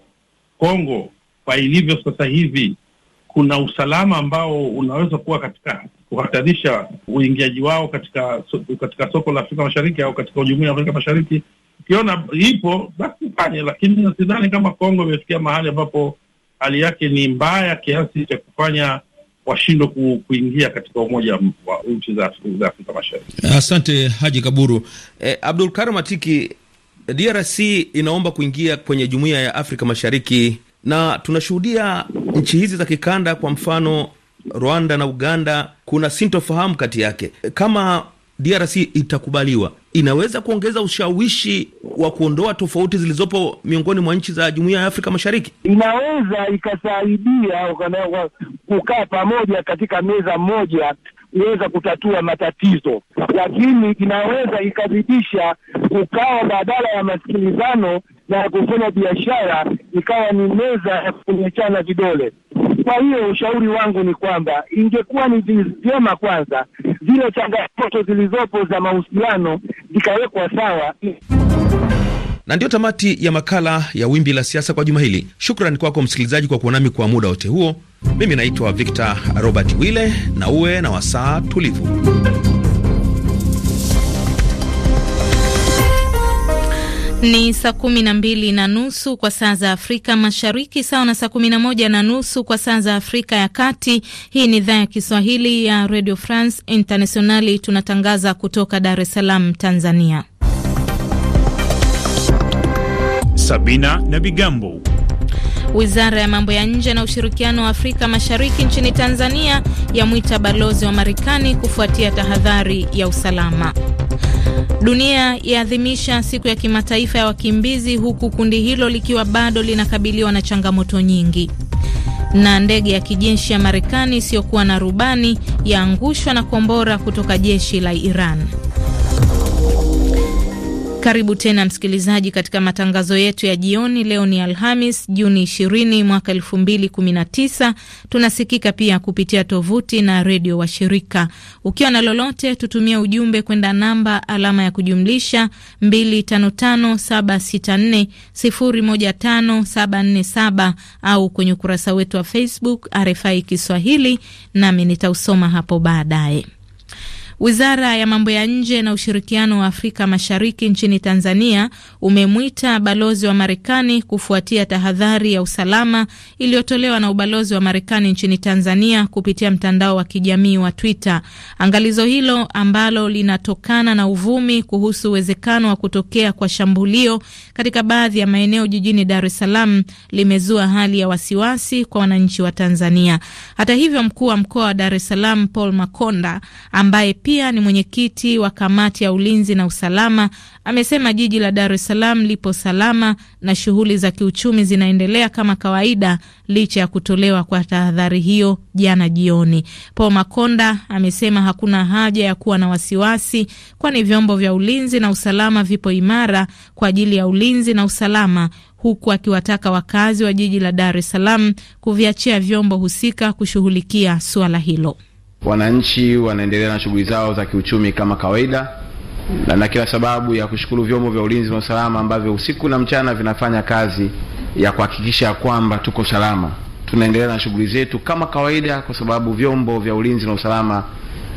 Kongo kwa ilivyo sasa hivi kuna usalama ambao unaweza kuwa katika kuhatarisha uingiaji wao katika so, katika soko la Afrika Mashariki au katika jumuiya ya Afrika Mashariki? Ukiona ipo basi fanye, lakini sidhani kama Kongo imefikia mahali ambapo hali yake ni mbaya kiasi cha kufanya washindwe ku, kuingia katika umoja wa nchi za Afrika Mashariki. Asante Haji Kaburu. Eh, Abdul Karim Atiki, DRC inaomba kuingia kwenye jumuiya ya Afrika Mashariki na tunashuhudia nchi hizi za kikanda, kwa mfano Rwanda na Uganda, kuna sintofahamu kati yake. Kama DRC itakubaliwa, inaweza kuongeza ushawishi wa kuondoa tofauti zilizopo miongoni mwa nchi za Jumuiya ya Afrika Mashariki. Inaweza ikasaidia kukaa pamoja katika meza moja kuweza kutatua matatizo, lakini inaweza ikazidisha kukawa badala ya masikilizano na ya kufanya biashara ikawa ni meza ya kuonyeshana vidole. Kwa hiyo ushauri wangu ni kwamba ingekuwa ni vyema kwanza zile changamoto zilizopo za mahusiano zikawekwa sawa. Na ndiyo tamati ya makala ya Wimbi la Siasa kwa juma hili. shukran kwako msikilizaji kwa kuwa nami kwa muda wote huo. Mimi naitwa Victor Robert Wille, na uwe na wasaa tulivu. Ni saa kumi na mbili na nusu kwa saa za Afrika Mashariki, sawa na saa kumi na moja na nusu kwa saa za Afrika ya Kati. Hii ni idhaa ya Kiswahili ya Radio France Internationali, tunatangaza kutoka Dar es Salaam, Tanzania. Sabina na Bigambo. Wizara ya mambo ya nje na ushirikiano wa Afrika Mashariki nchini Tanzania yamwita balozi wa Marekani kufuatia tahadhari ya usalama. Dunia yaadhimisha siku ya kimataifa ya wakimbizi huku kundi hilo likiwa bado linakabiliwa na changamoto nyingi. Na ndege ya kijeshi ya Marekani isiyokuwa na rubani yaangushwa na kombora kutoka jeshi la Iran. Karibu tena msikilizaji, katika matangazo yetu ya jioni. Leo ni Alhamis, Juni 20 mwaka 2019. Tunasikika pia kupitia tovuti na redio wa shirika. Ukiwa na lolote, tutumia ujumbe kwenda namba alama ya kujumlisha 255764015747 au kwenye ukurasa wetu wa Facebook RFI Kiswahili, nami nitausoma hapo baadaye. Wizara ya mambo ya nje na ushirikiano wa Afrika Mashariki nchini Tanzania umemwita balozi wa Marekani kufuatia tahadhari ya usalama iliyotolewa na ubalozi wa Marekani nchini Tanzania kupitia mtandao wa kijamii wa Twitter. Angalizo hilo ambalo linatokana na uvumi kuhusu uwezekano wa kutokea kwa shambulio katika baadhi ya maeneo jijini Dar es Salaam limezua hali ya wasiwasi kwa wananchi wa Tanzania. Hata hivyo, mkuu wa mkoa wa Dar es Salaam Paul Makonda ambaye pia ni mwenyekiti wa kamati ya ulinzi na usalama, amesema jiji la Dar es Salaam lipo salama na shughuli za kiuchumi zinaendelea kama kawaida licha ya kutolewa kwa tahadhari hiyo jana jioni. Paul Makonda amesema hakuna haja ya kuwa na wasiwasi, kwani vyombo vya ulinzi na usalama vipo imara kwa ajili ya ulinzi na usalama huku akiwataka wakazi wa jiji la Dar es Salaam kuviachia vyombo husika kushughulikia suala hilo. Wananchi wanaendelea na shughuli zao za kiuchumi kama kawaida na na kila sababu ya kushukuru vyombo vya ulinzi na usalama ambavyo usiku na mchana vinafanya kazi ya kuhakikisha kwamba tuko salama. Tunaendelea na shughuli zetu kama kawaida, kwa sababu vyombo vya ulinzi na usalama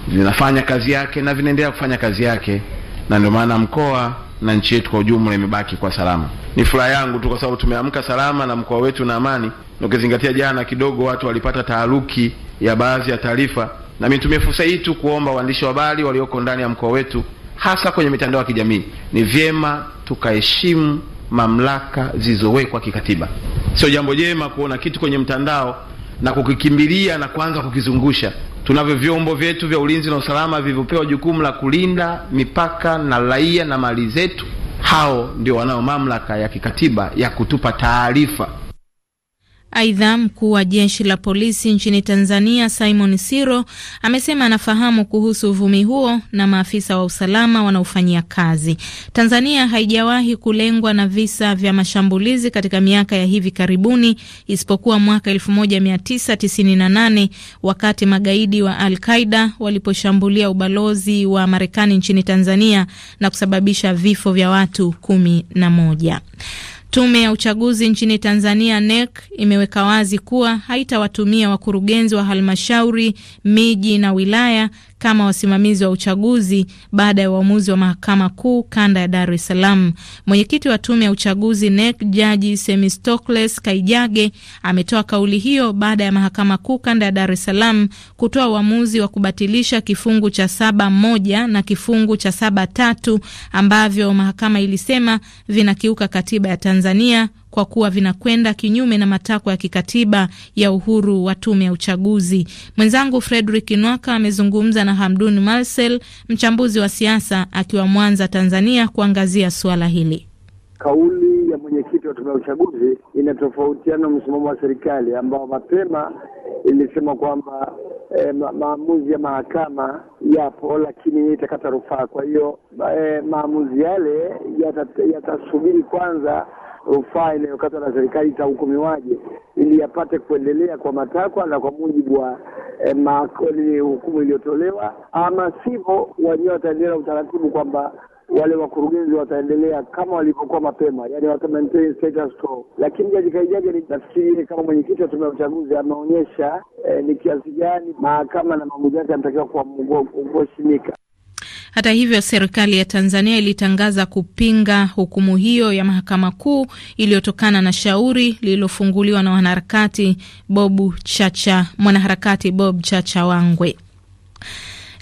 vinafanya kazi yake na vinaendelea kufanya kazi yake, na ndio maana mkoa na nchi yetu kwa ujumla imebaki kwa salama. Ni furaha yangu tu kwa sababu tumeamka salama na mkoa wetu na amani, ukizingatia jana kidogo watu walipata taharuki ya baadhi ya taarifa Nami nitumie fursa hii tu kuomba waandishi wa habari walioko ndani ya mkoa wetu, hasa kwenye mitandao ya kijamii, ni vyema tukaheshimu mamlaka zilizowekwa kikatiba. Sio jambo jema kuona kitu kwenye mtandao na kukikimbilia na kuanza kukizungusha. Tunavyo vyombo vyetu vya ulinzi na usalama vilivyopewa jukumu la kulinda mipaka na raia na mali zetu. Hao ndio wanao mamlaka ya kikatiba ya kutupa taarifa Aidha, mkuu wa jeshi la polisi nchini Tanzania Simon Siro amesema anafahamu kuhusu uvumi huo na maafisa wa usalama wanaofanyia kazi. Tanzania haijawahi kulengwa na visa vya mashambulizi katika miaka ya hivi karibuni isipokuwa mwaka 1998 wakati magaidi wa Al Qaida waliposhambulia ubalozi wa Marekani nchini Tanzania na kusababisha vifo vya watu kumi na moja. Tume ya uchaguzi nchini Tanzania NEC imeweka wazi kuwa haitawatumia wakurugenzi wa halmashauri, miji na wilaya kama wasimamizi wa uchaguzi baada ya uamuzi wa mahakama kuu kanda ya Dar es Salaam. Mwenyekiti wa tume ya uchaguzi NEC Jaji Semistocles Kaijage ametoa kauli hiyo baada ya mahakama kuu kanda ya Dar es Salaam kutoa uamuzi wa kubatilisha kifungu cha saba moja na kifungu cha saba tatu ambavyo mahakama ilisema vinakiuka katiba ya Tanzania kwa kuwa vinakwenda kinyume na matakwa ya kikatiba ya uhuru wa tume ya uchaguzi. Mwenzangu Fredrick Nwaka amezungumza na Hamdun Marcel, mchambuzi wa siasa, akiwa Mwanza, Tanzania, kuangazia suala hili. Kauli ya mwenyekiti wa tume ya uchaguzi inatofautiana msimamo wa serikali ambao mapema ilisema kwamba e, ma maamuzi ya mahakama yapo, lakini itakata rufaa. Kwa hiyo e, maamuzi yale yatasubiri yata kwanza rufaa inayokatwa na serikali itahukumiwaje, ili yapate kuendelea kwa matakwa na kwa mujibu wa e, eh, makoni hukumu iliyotolewa, ama sivyo wenyewe wataendelea utaratibu kwamba wale wakurugenzi wataendelea kama walivyokuwa mapema, yani wata maintain status quo. Lakini Jaji Kaijaji nafikiri kama mwenyekiti wa tume ya uchaguzi ameonyesha eh, ni kiasi gani mahakama na maamuzi yake yanatakiwa kuheshimika. Hata hivyo, serikali ya Tanzania ilitangaza kupinga hukumu hiyo ya mahakama kuu iliyotokana na shauri lililofunguliwa na wanaharakati Bob Chacha, mwanaharakati Bob Chacha Wangwe.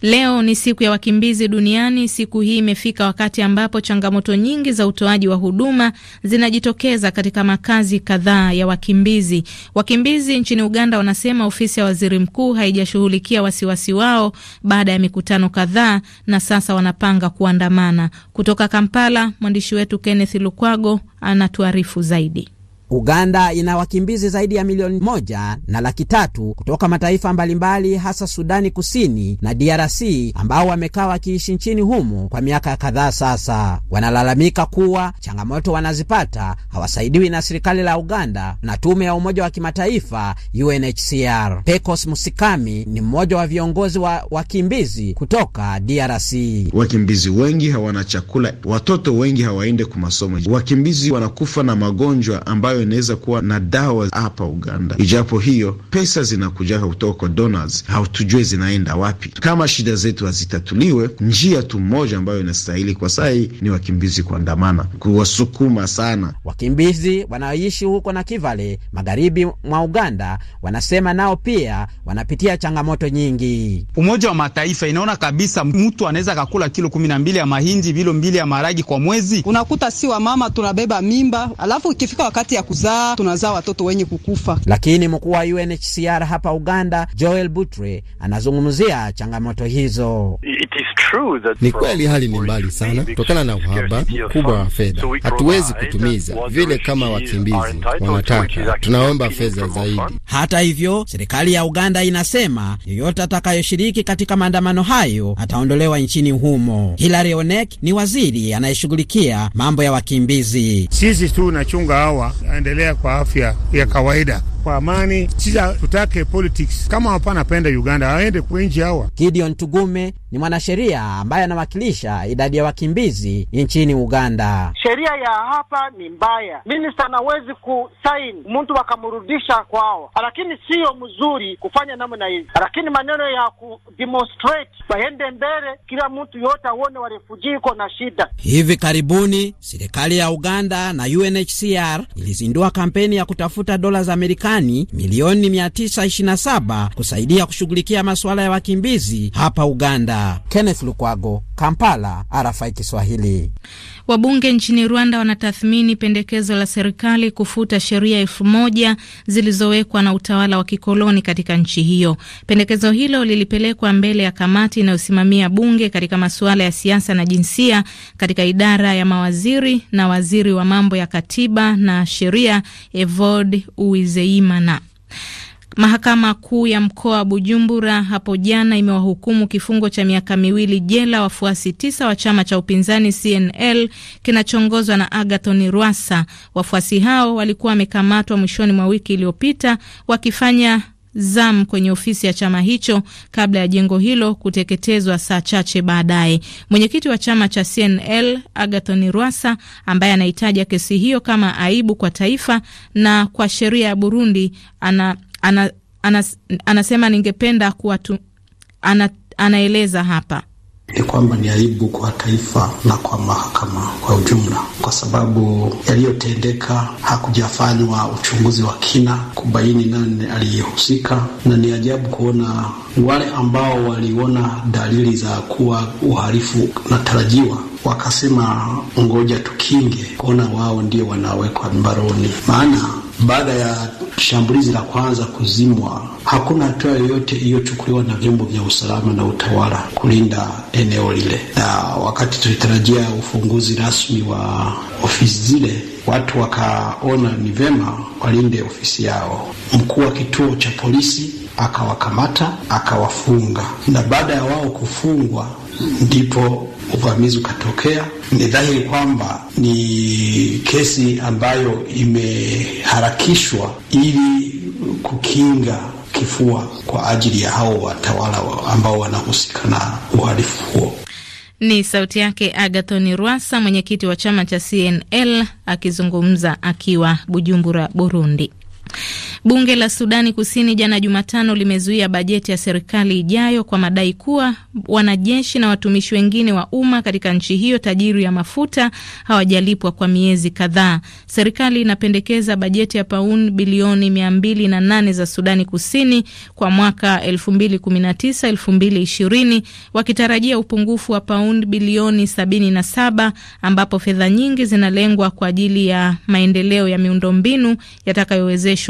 Leo ni siku ya wakimbizi duniani. Siku hii imefika wakati ambapo changamoto nyingi za utoaji wa huduma zinajitokeza katika makazi kadhaa ya wakimbizi. Wakimbizi nchini Uganda wanasema ofisi ya waziri mkuu haijashughulikia wasiwasi wao baada ya mikutano kadhaa, na sasa wanapanga kuandamana. Kutoka Kampala, mwandishi wetu Kenneth Lukwago anatuarifu zaidi. Uganda ina wakimbizi zaidi ya milioni moja na laki tatu kutoka mataifa mbalimbali hasa Sudani Kusini na DRC ambao wamekaa wakiishi nchini humo kwa miaka kadhaa sasa. Wanalalamika kuwa changamoto wanazipata hawasaidiwi na serikali la Uganda na tume ya Umoja wa Kimataifa UNHCR. Pecos Musikami ni mmoja wa viongozi wa wakimbizi kutoka DRC. Wakimbizi wengi hawana chakula, watoto wengi hawaende kumasomo, wakimbizi wanakufa na magonjwa ambayo ambayo inaweza kuwa na dawa hapa Uganda, ijapo hiyo pesa zinakuja kutoka kwa donors, hautujue zinaenda wapi. Kama shida zetu hazitatuliwe, njia tu moja ambayo inastahili kwa sahi ni wakimbizi kuandamana, kuwasukuma sana wakimbizi wanaoishi huko na Kivale magharibi mwa Uganda. Wanasema nao pia wanapitia changamoto nyingi. Umoja wa Mataifa inaona kabisa mtu anaweza kakula kilo kumi na mbili ya mahindi, vilo mbili ya maragi kwa mwezi. Unakuta si wamama tunabeba mimba, alafu ikifika wakati ya kuzaa tunazaa watoto wenye kukufa. Lakini mkuu wa UNHCR hapa Uganda, Joel Butre, anazungumzia changamoto hizo. Ni kweli hali ni mbali sana kutokana na uhaba mkubwa wa fedha, hatuwezi kutumiza vile kama wakimbizi wanataka, tunaomba fedha zaidi. Hata hivyo, serikali ya Uganda inasema yeyote atakayoshiriki katika maandamano hayo ataondolewa nchini humo. Hilary Onek ni waziri anayeshughulikia mambo ya wakimbizi. Sisi tu nachunga hawa kuendelea kwa afya ya kawaida kwa amani, sisa tutake politics. Kama hapa napenda Uganda kwa kwenji hawa. Gideon Tugume ni mwanasheria ambaye anawakilisha idadi ya wakimbizi nchini Uganda. Sheria ya hapa ni mbaya, minista anawezi kusaini mtu wakamrudisha kwao, lakini siyo mzuri kufanya namna hizi, lakini maneno ya kudemonstrate waende mbele, kila mtu yote aone warefujii iko na shida. Hivi karibuni serikali ya Uganda na UNHCR ilizi kuzindua kampeni ya kutafuta dola za Marekani milioni 927 kusaidia kushughulikia masuala ya wakimbizi hapa Uganda. Kenneth Lukwago, Kampala, RFI Kiswahili. Wabunge nchini Rwanda wanatathmini pendekezo la serikali kufuta sheria elfu moja zilizowekwa na utawala wa kikoloni katika nchi hiyo. Pendekezo hilo lilipelekwa mbele ya kamati inayosimamia bunge katika masuala ya siasa na jinsia katika idara ya mawaziri na waziri wa mambo ya katiba na sheria Evod uizeimana Mahakama kuu ya mkoa wa Bujumbura hapo jana imewahukumu kifungo cha miaka miwili jela wafuasi tisa wa chama cha upinzani CNL kinachoongozwa na Agathon Rwasa. Wafuasi hao walikuwa wamekamatwa mwishoni mwa wiki iliyopita wakifanya zam kwenye ofisi ya chama hicho kabla ya jengo hilo kuteketezwa saa chache baadaye. Mwenyekiti wa chama cha CNL Agathon Rwasa, ambaye anaitaja kesi hiyo kama aibu kwa taifa na kwa sheria ya Burundi, ana ana, ana, anasema ningependa kuwa tu, ana, anaeleza hapa ni kwamba ni aibu kwa taifa na kwa mahakama kwa ujumla, kwa sababu yaliyotendeka hakujafanywa uchunguzi wa kina kubaini nani aliyehusika, na ni ajabu kuona wale ambao waliona dalili za kuwa uhalifu unatarajiwa wakasema ngoja tukinge, kuona wao ndio wanawekwa mbaroni, maana baada ya shambulizi la kwanza kuzimwa, hakuna hatua yoyote iliyochukuliwa na vyombo vya usalama na utawala kulinda eneo lile, na wakati tulitarajia ufunguzi rasmi wa ofisi zile watu wakaona ni vema walinde ofisi yao. Mkuu wa kituo cha polisi akawakamata akawafunga, na baada ya wao kufungwa ndipo uvamizi ukatokea. Ni dhahiri kwamba ni kesi ambayo imeharakishwa ili kukinga kifua kwa ajili ya hao watawala ambao wanahusika na uhalifu huo. Ni sauti yake Agathon Rwasa, mwenyekiti wa chama cha CNL akizungumza akiwa Bujumbura, Burundi. Bunge la Sudani Kusini jana Jumatano limezuia bajeti ya serikali ijayo kwa madai kuwa wanajeshi na watumishi wengine wa umma katika nchi hiyo tajiri ya mafuta hawajalipwa kwa miezi kadhaa. Serikali inapendekeza bajeti ya paun bilioni 208 za Sudani Kusini kwa mwaka 2019 2020, wakitarajia upungufu wa paun bilioni 77, ambapo fedha nyingi zinalengwa kwa ajili ya maendeleo ya miundombinu yatakayowezeshwa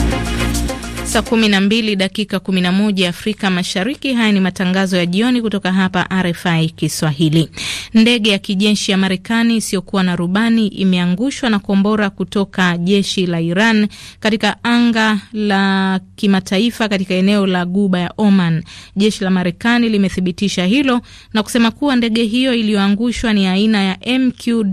Saa mbili dakika 11 Afrika Mashariki. Haya ni matangazo ya jioni kutoka hapa RFI Kiswahili. Ndege ya kijeshi ya Marekani isiyokuwa na rubani imeangushwa na kombora kutoka jeshi la Iran katika anga la kimataifa katika eneo la Guba ya Oman. Jeshi la Marekani limethibitisha hilo na kusema kuwa ndege hiyo iliyoangushwa ni aina ya MQ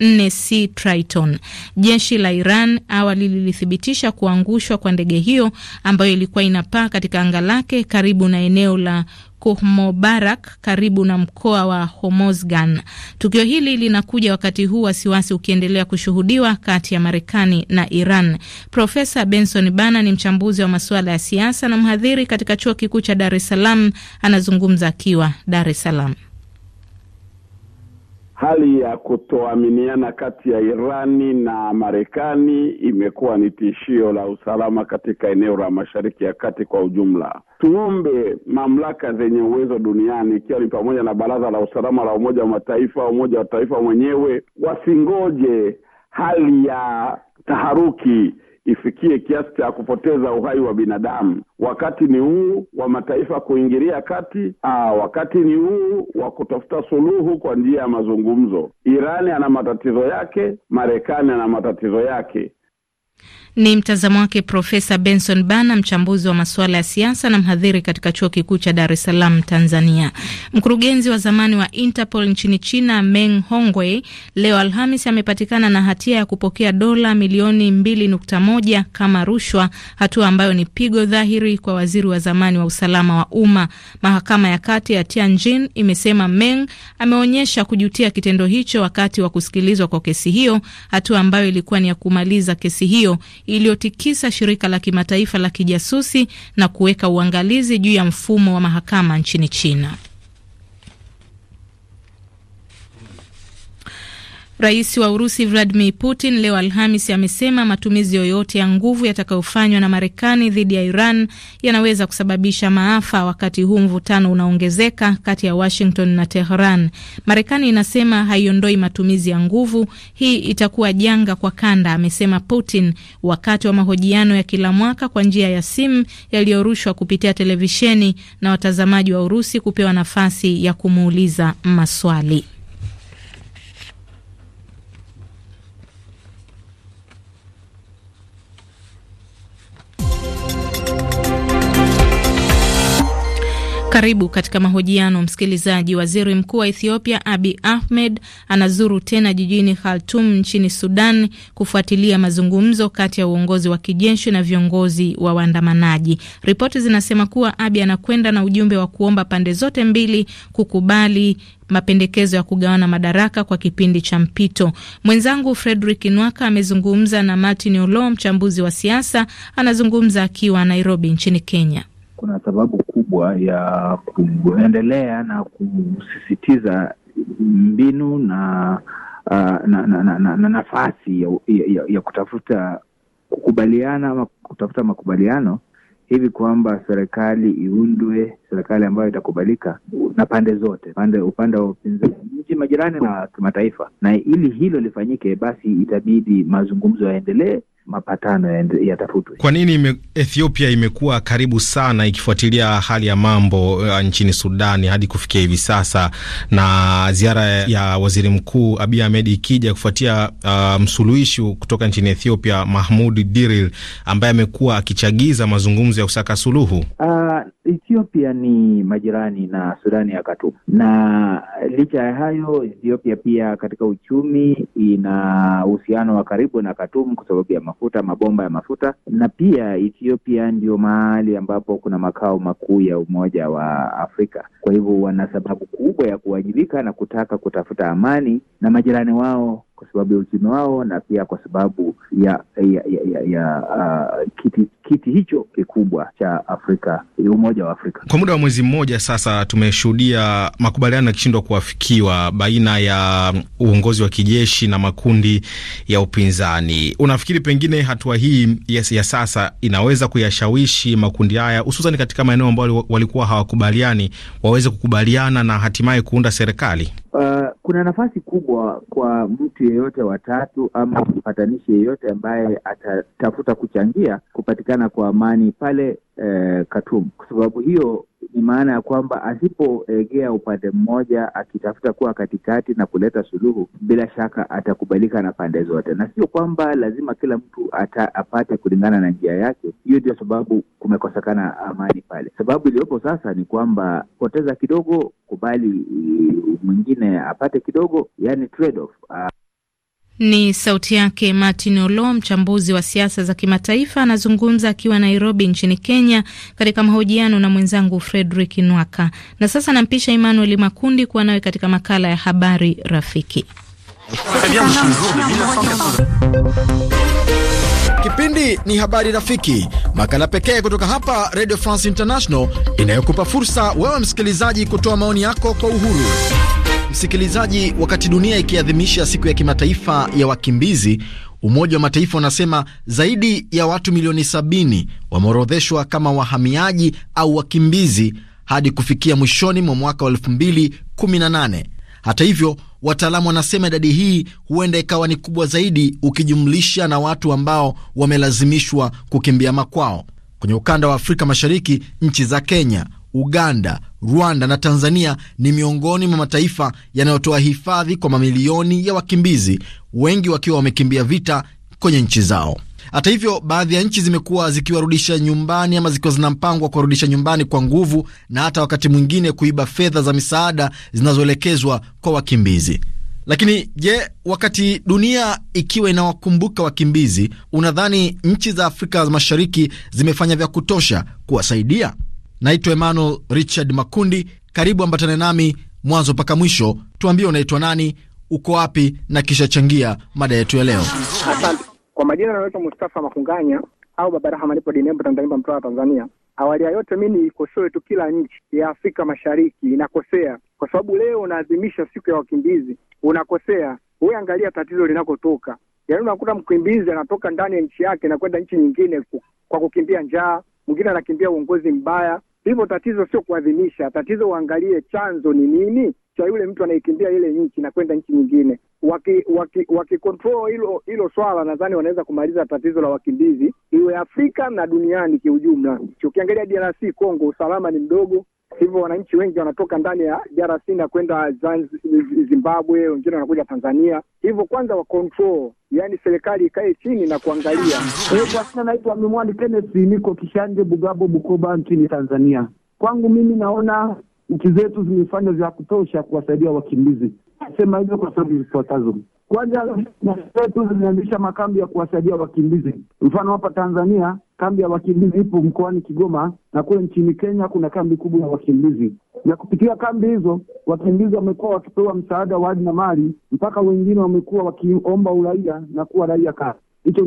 4C Triton. Jeshi la Iran awali lilithibitisha kuangushwa kwa ndege hiyo ambayo ilikuwa inapaa katika anga lake karibu na eneo la Kohmobarak karibu na mkoa wa Homozgan. Tukio hili linakuja wakati huu wasiwasi ukiendelea kushuhudiwa kati ya Marekani na Iran. Profesa Benson Bana ni mchambuzi wa masuala ya siasa na mhadhiri katika chuo kikuu cha Dar es Salaam, anazungumza akiwa Dar es Salaam hali ya kutoaminiana kati ya Irani na Marekani imekuwa ni tishio la usalama katika eneo la Mashariki ya Kati kwa ujumla. Tuombe mamlaka zenye uwezo duniani, ikiwa ni pamoja na Baraza la Usalama la Umoja wa Mataifa, Umoja wa Taifa mwenyewe, wasingoje hali ya taharuki ifikie kiasi cha kupoteza uhai wa binadamu. Wakati ni huu wa mataifa kuingilia kati. Aa, wakati ni huu wa kutafuta suluhu kwa njia ya mazungumzo. Irani ana matatizo yake, Marekani ana matatizo yake. Ni mtazamo wake Profesa Benson Bana, mchambuzi wa masuala ya siasa na mhadhiri katika chuo kikuu cha Dar es Salaam, Tanzania. Mkurugenzi wa zamani wa Interpol nchini China, Meng Hongwei, leo Alhamis amepatikana na hatia ya kupokea dola milioni 2.1 kama rushwa, hatua ambayo ni pigo dhahiri kwa waziri wa zamani wa usalama wa umma. Mahakama ya kati ya Tianjin imesema Meng ameonyesha kujutia kitendo hicho wakati wa kusikilizwa kwa kesi hiyo, hatua ambayo ilikuwa ni ya kumaliza kesi hiyo iliyotikisa shirika la kimataifa la kijasusi na kuweka uangalizi juu ya mfumo wa mahakama nchini China. Rais wa Urusi Vladimir Putin leo Alhamis amesema matumizi yoyote ya nguvu yatakayofanywa na Marekani dhidi ya Iran yanaweza kusababisha maafa, wakati huu mvutano unaongezeka kati ya Washington na Tehran. Marekani inasema haiondoi matumizi ya nguvu, hii itakuwa janga kwa kanda, amesema Putin wakati wa mahojiano ya kila mwaka kwa njia ya simu yaliyorushwa kupitia televisheni na watazamaji wa Urusi kupewa nafasi ya kumuuliza maswali. Karibu katika mahojiano msikilizaji. Waziri mkuu wa Ethiopia abi Ahmed anazuru tena jijini Khartum nchini Sudan kufuatilia mazungumzo kati ya uongozi wa kijeshi na viongozi wa waandamanaji. Ripoti zinasema kuwa abi anakwenda na ujumbe wa kuomba pande zote mbili kukubali mapendekezo ya kugawana madaraka kwa kipindi cha mpito. Mwenzangu Frederick Nwaka amezungumza na Martin Olo, mchambuzi wa siasa, anazungumza akiwa Nairobi nchini Kenya kuna sababu kubwa ya kuendelea na kusisitiza mbinu na uh, na, na, na, na, na nafasi ya, ya, ya kutafuta kukubaliana ama kutafuta makubaliano hivi kwamba serikali iundwe serikali ambayo itakubalika na pande zote, pande upande wa upinzani, nchi majirani na kimataifa. Na ili hilo lifanyike, basi itabidi mazungumzo yaendelee, mapatano yatafutwe. Kwa nini ime, Ethiopia imekuwa karibu sana ikifuatilia hali ya mambo uh, nchini Sudani hadi kufikia hivi sasa, na ziara ya waziri mkuu Abiy Ahmed ikija kufuatia uh, msuluhishi kutoka nchini Ethiopia Mahmud Diril ambaye amekuwa akichagiza mazungumzo ya kusaka suluhu uh, Ethiopia ni majirani na Sudani ya Khartoum, na licha ya hayo, Ethiopia pia katika uchumi ina uhusiano wa karibu na Khartoum kwa sababu ya mafuta, mabomba ya mafuta, na pia Ethiopia ndio mahali ambapo kuna makao makuu ya Umoja wa Afrika. Kwa hivyo wana sababu kubwa ya kuwajibika na kutaka kutafuta amani na majirani wao kwa sababu ya uchumi wao na pia kwa sababu ya ya, ya, ya, ya uh, kiti, kiti hicho kikubwa cha Afrika, umoja wa Afrika. Kwa muda wa mwezi mmoja sasa tumeshuhudia makubaliano yakishindwa kuafikiwa baina ya uongozi wa kijeshi na makundi ya upinzani. Unafikiri pengine hatua hii yes, ya sasa inaweza kuyashawishi makundi haya hususan katika maeneo ambayo walikuwa hawakubaliani waweze kukubaliana na hatimaye kuunda serikali? Uh, kuna nafasi kubwa kwa mtu yeyote watatu ama mpatanishi yeyote ambaye atatafuta kuchangia kupatikana kwa amani pale eh, Khartoum, kwa sababu hiyo ni maana ya kwamba asipoegea upande mmoja akitafuta kuwa katikati na kuleta suluhu, bila shaka atakubalika na pande zote, na sio kwamba lazima kila mtu ata, apate kulingana na njia yake. Hiyo ndio sababu kumekosekana amani pale. Sababu iliyopo sasa ni kwamba poteza kidogo, kubali mwingine apate kidogo, yani trade off. Ni sauti yake Martin Olo, mchambuzi wa siasa za kimataifa, anazungumza akiwa Nairobi nchini Kenya, katika mahojiano na mwenzangu Fredrick Nwaka. Na sasa nampisha Emmanuel Makundi kuwa nawe katika makala ya Habari Rafiki. Kipindi ni Habari Rafiki, makala pekee kutoka hapa Radio France International inayokupa fursa wewe msikilizaji kutoa maoni yako kwa uhuru. Msikilizaji, wakati dunia ikiadhimisha siku ya kimataifa ya wakimbizi, Umoja wa Mataifa unasema zaidi ya watu milioni sabini wameorodheshwa kama wahamiaji au wakimbizi hadi kufikia mwishoni mwa mwaka wa 2018. Hata hivyo, wataalamu wanasema idadi hii huenda ikawa ni kubwa zaidi ukijumlisha na watu ambao wamelazimishwa kukimbia makwao. Kwenye ukanda wa Afrika Mashariki, nchi za Kenya, Uganda, Rwanda na Tanzania ni miongoni mwa mataifa yanayotoa hifadhi kwa mamilioni ya wakimbizi, wengi wakiwa wamekimbia vita kwenye nchi zao. Hata hivyo, baadhi ya nchi zimekuwa zikiwarudisha nyumbani ama zikiwa zina mpango wa kuwarudisha nyumbani kwa nguvu na hata wakati mwingine kuiba fedha za misaada zinazoelekezwa kwa wakimbizi. Lakini je, wakati dunia ikiwa inawakumbuka wakimbizi, unadhani nchi za Afrika Mashariki zimefanya vya kutosha kuwasaidia? Naitwa Emmanuel Richard Makundi. Karibu ambatane nami mwanzo mpaka mwisho, tuambie unaitwa nani, uko wapi na kisha changia mada yetu ya leo. Asante kwa majina, naitwa Mustafa Makunganya au Baba Rahma, nipo Dinembo, Tanzania, mtoa Tanzania. Awali ya yote, mi niikosoe tu kila nchi ya Afrika Mashariki inakosea, kwa sababu leo unaadhimisha siku ya wakimbizi, unakosea wewe. Angalia tatizo linakotoka, yaani unakuta mkimbizi anatoka ndani ya nchi yake na kwenda nchi nyingine kwa kukimbia njaa, mwingine anakimbia uongozi mbaya, Hivyo tatizo sio kuadhimisha, tatizo uangalie chanzo ni nini cha yule mtu anayekimbia ile nchi na kwenda nchi nyingine. Wakikontrol waki, waki hilo hilo swala, nadhani wanaweza kumaliza tatizo la wakimbizi iwe Afrika na duniani kiujumla. Ukiangalia DRC Congo, usalama ni mdogo, hivyo wananchi wengi wanatoka ndani ya DRC na kwenda Zimbabwe, wengine wanakuja Tanzania. Hivyo kwanza wa control, yani serikali ikae chini na kuangalia. Eh, kwa sina naitwa Mimwani Kennesi, niko Kishanje, Bugabo, Bukoba nchini Tanzania. Kwangu mimi naona nchi zetu zimefanya vya kutosha kuwasaidia wakimbizi. Nasema hivyo kwa sababu zifuatazo. Kwanza zetu zimeanzisha makambi ya kuwasaidia wakimbizi. Mfano hapa Tanzania kambi ya wakimbizi ipo mkoani Kigoma, na kule nchini Kenya kuna kambi kubwa ya wakimbizi, na kupitia kambi hizo wakimbizi wamekuwa wakipewa msaada wa hali na mali, mpaka wengine wamekuwa wakiomba uraia na kuwa raia. Kaa hicho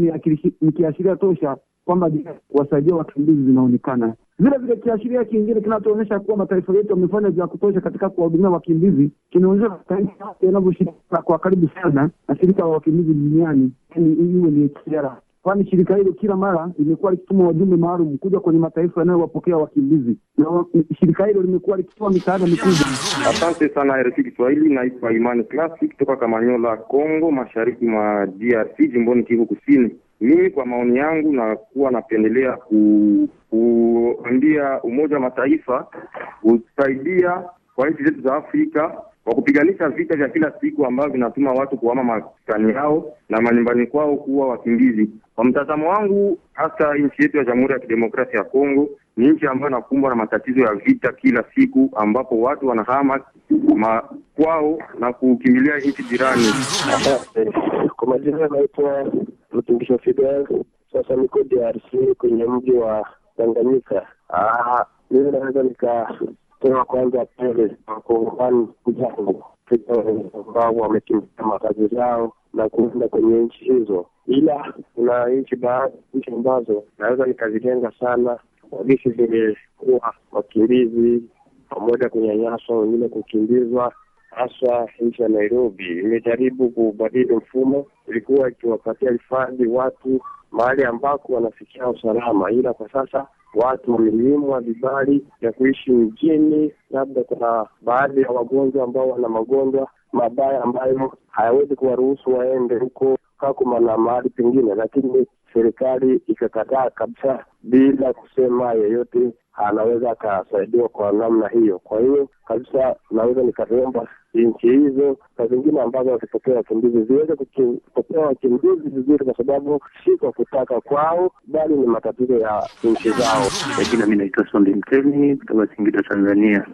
ni kiashiria tosha kwamba kuwasaidia wakimbizi zinaonekana. Vile vile kiashiria kingine kinachoonyesha kuwa mataifa yetu yamefanya vya kutosha katika kuwahudumia wakimbizi kinaonyesha mataifa yanavyoshirikiana kwa karibu sana na shirika la wakimbizi duniani, iwe ni UNHCR kwani shirika hilo kila mara limekuwa likituma wajumbe maalum kuja kwenye mataifa yanayowapokea wakimbizi na shirika hilo limekuwa likitoa misaada mikubwa. Asante sana RFI Kiswahili. Naitwa Imani Klasi kutoka Kamanyola, congo mashariki mwa DRC, jimboni Kivu Kusini. Mimi kwa maoni yangu nakuwa napendelea ku, kuambia Umoja wa Mataifa kusaidia kwa nchi zetu za Afrika kwa kupiganisha vita vya kila siku ambavyo vinatuma watu kuhama maskani yao na manyumbani kwao kuwa wakimbizi. Kwa mtazamo wangu, hasa nchi yetu ya Jamhuri ya Kidemokrasia ya Kongo ni nchi ambayo inakumbwa na matatizo ya vita kila siku, ambapo watu wanahama makwao na kukimbilia nchi jirani. Kwa majina anaitwa Mtungisho Fidel, sasa niko DRC kwenye mji wa Tanganyika. Ah, mimi naweza nikasema kwanza pele wakongomani kujango ambao wamekimbia makazi zao na kuenda kwenye nchi hizo, ila kuna nchi baadhi nchi ambazo naweza nikazilenga sana polisi zimekuwa wakimbizi pamoja kunyanyaswa, wengine kukimbizwa, haswa nchi ya Nairobi imejaribu kubadili mfumo, ilikuwa ikiwapatia hifadhi watu mahali ambako wanafikia usalama, ila kwa sasa watu wamelimwa vibali vya kuishi mjini. Labda kuna baadhi ya wagonjwa ambao wana magonjwa mabaya ambayo hayawezi kuwaruhusu waende huko Kakuma na mahali pengine, lakini serikali ikakataa kabisa bila kusema yeyote anaweza akasaidiwa kwa namna hiyo. Kwa hiyo kabisa, naweza nikaziomba nchi hizo na zingine ambazo wakipokea wakimbizi ziweze kupokea wakimbizi vizuri, kwa sababu si kwa kutaka kwao, bali ni matatizo ya nchi zao. Kwa jina, mi naitwa Sondi Mteni kutoka Singida, Tanzania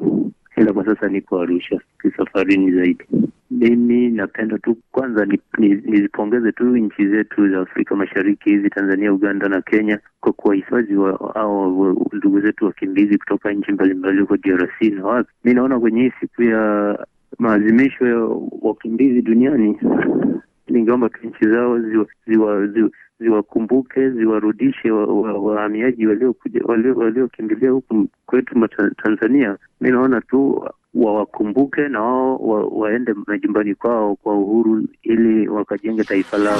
ila kwa sasa niko Arusha kisafarini zaidi. Mimi napenda tu kwanza nizipongeze tu nchi zetu za Afrika Mashariki hizi Tanzania, Uganda na Kenya kwa kuwahifadhi au ndugu zetu wakimbizi kutoka nchi mbalimbali huko DRC na wapi. Mi naona kwenye hii siku ya maadhimisho ya wakimbizi duniani Ningeomba tu nchi zao ziwakumbuke, ziwa, ziwa ziwarudishe wahamiaji wa, wa, waliokimbilia huku kwetu Tanzania. Mi naona tu wawakumbuke na wao waende majumbani kwao kwa uhuru ili wakajenge taifa lao.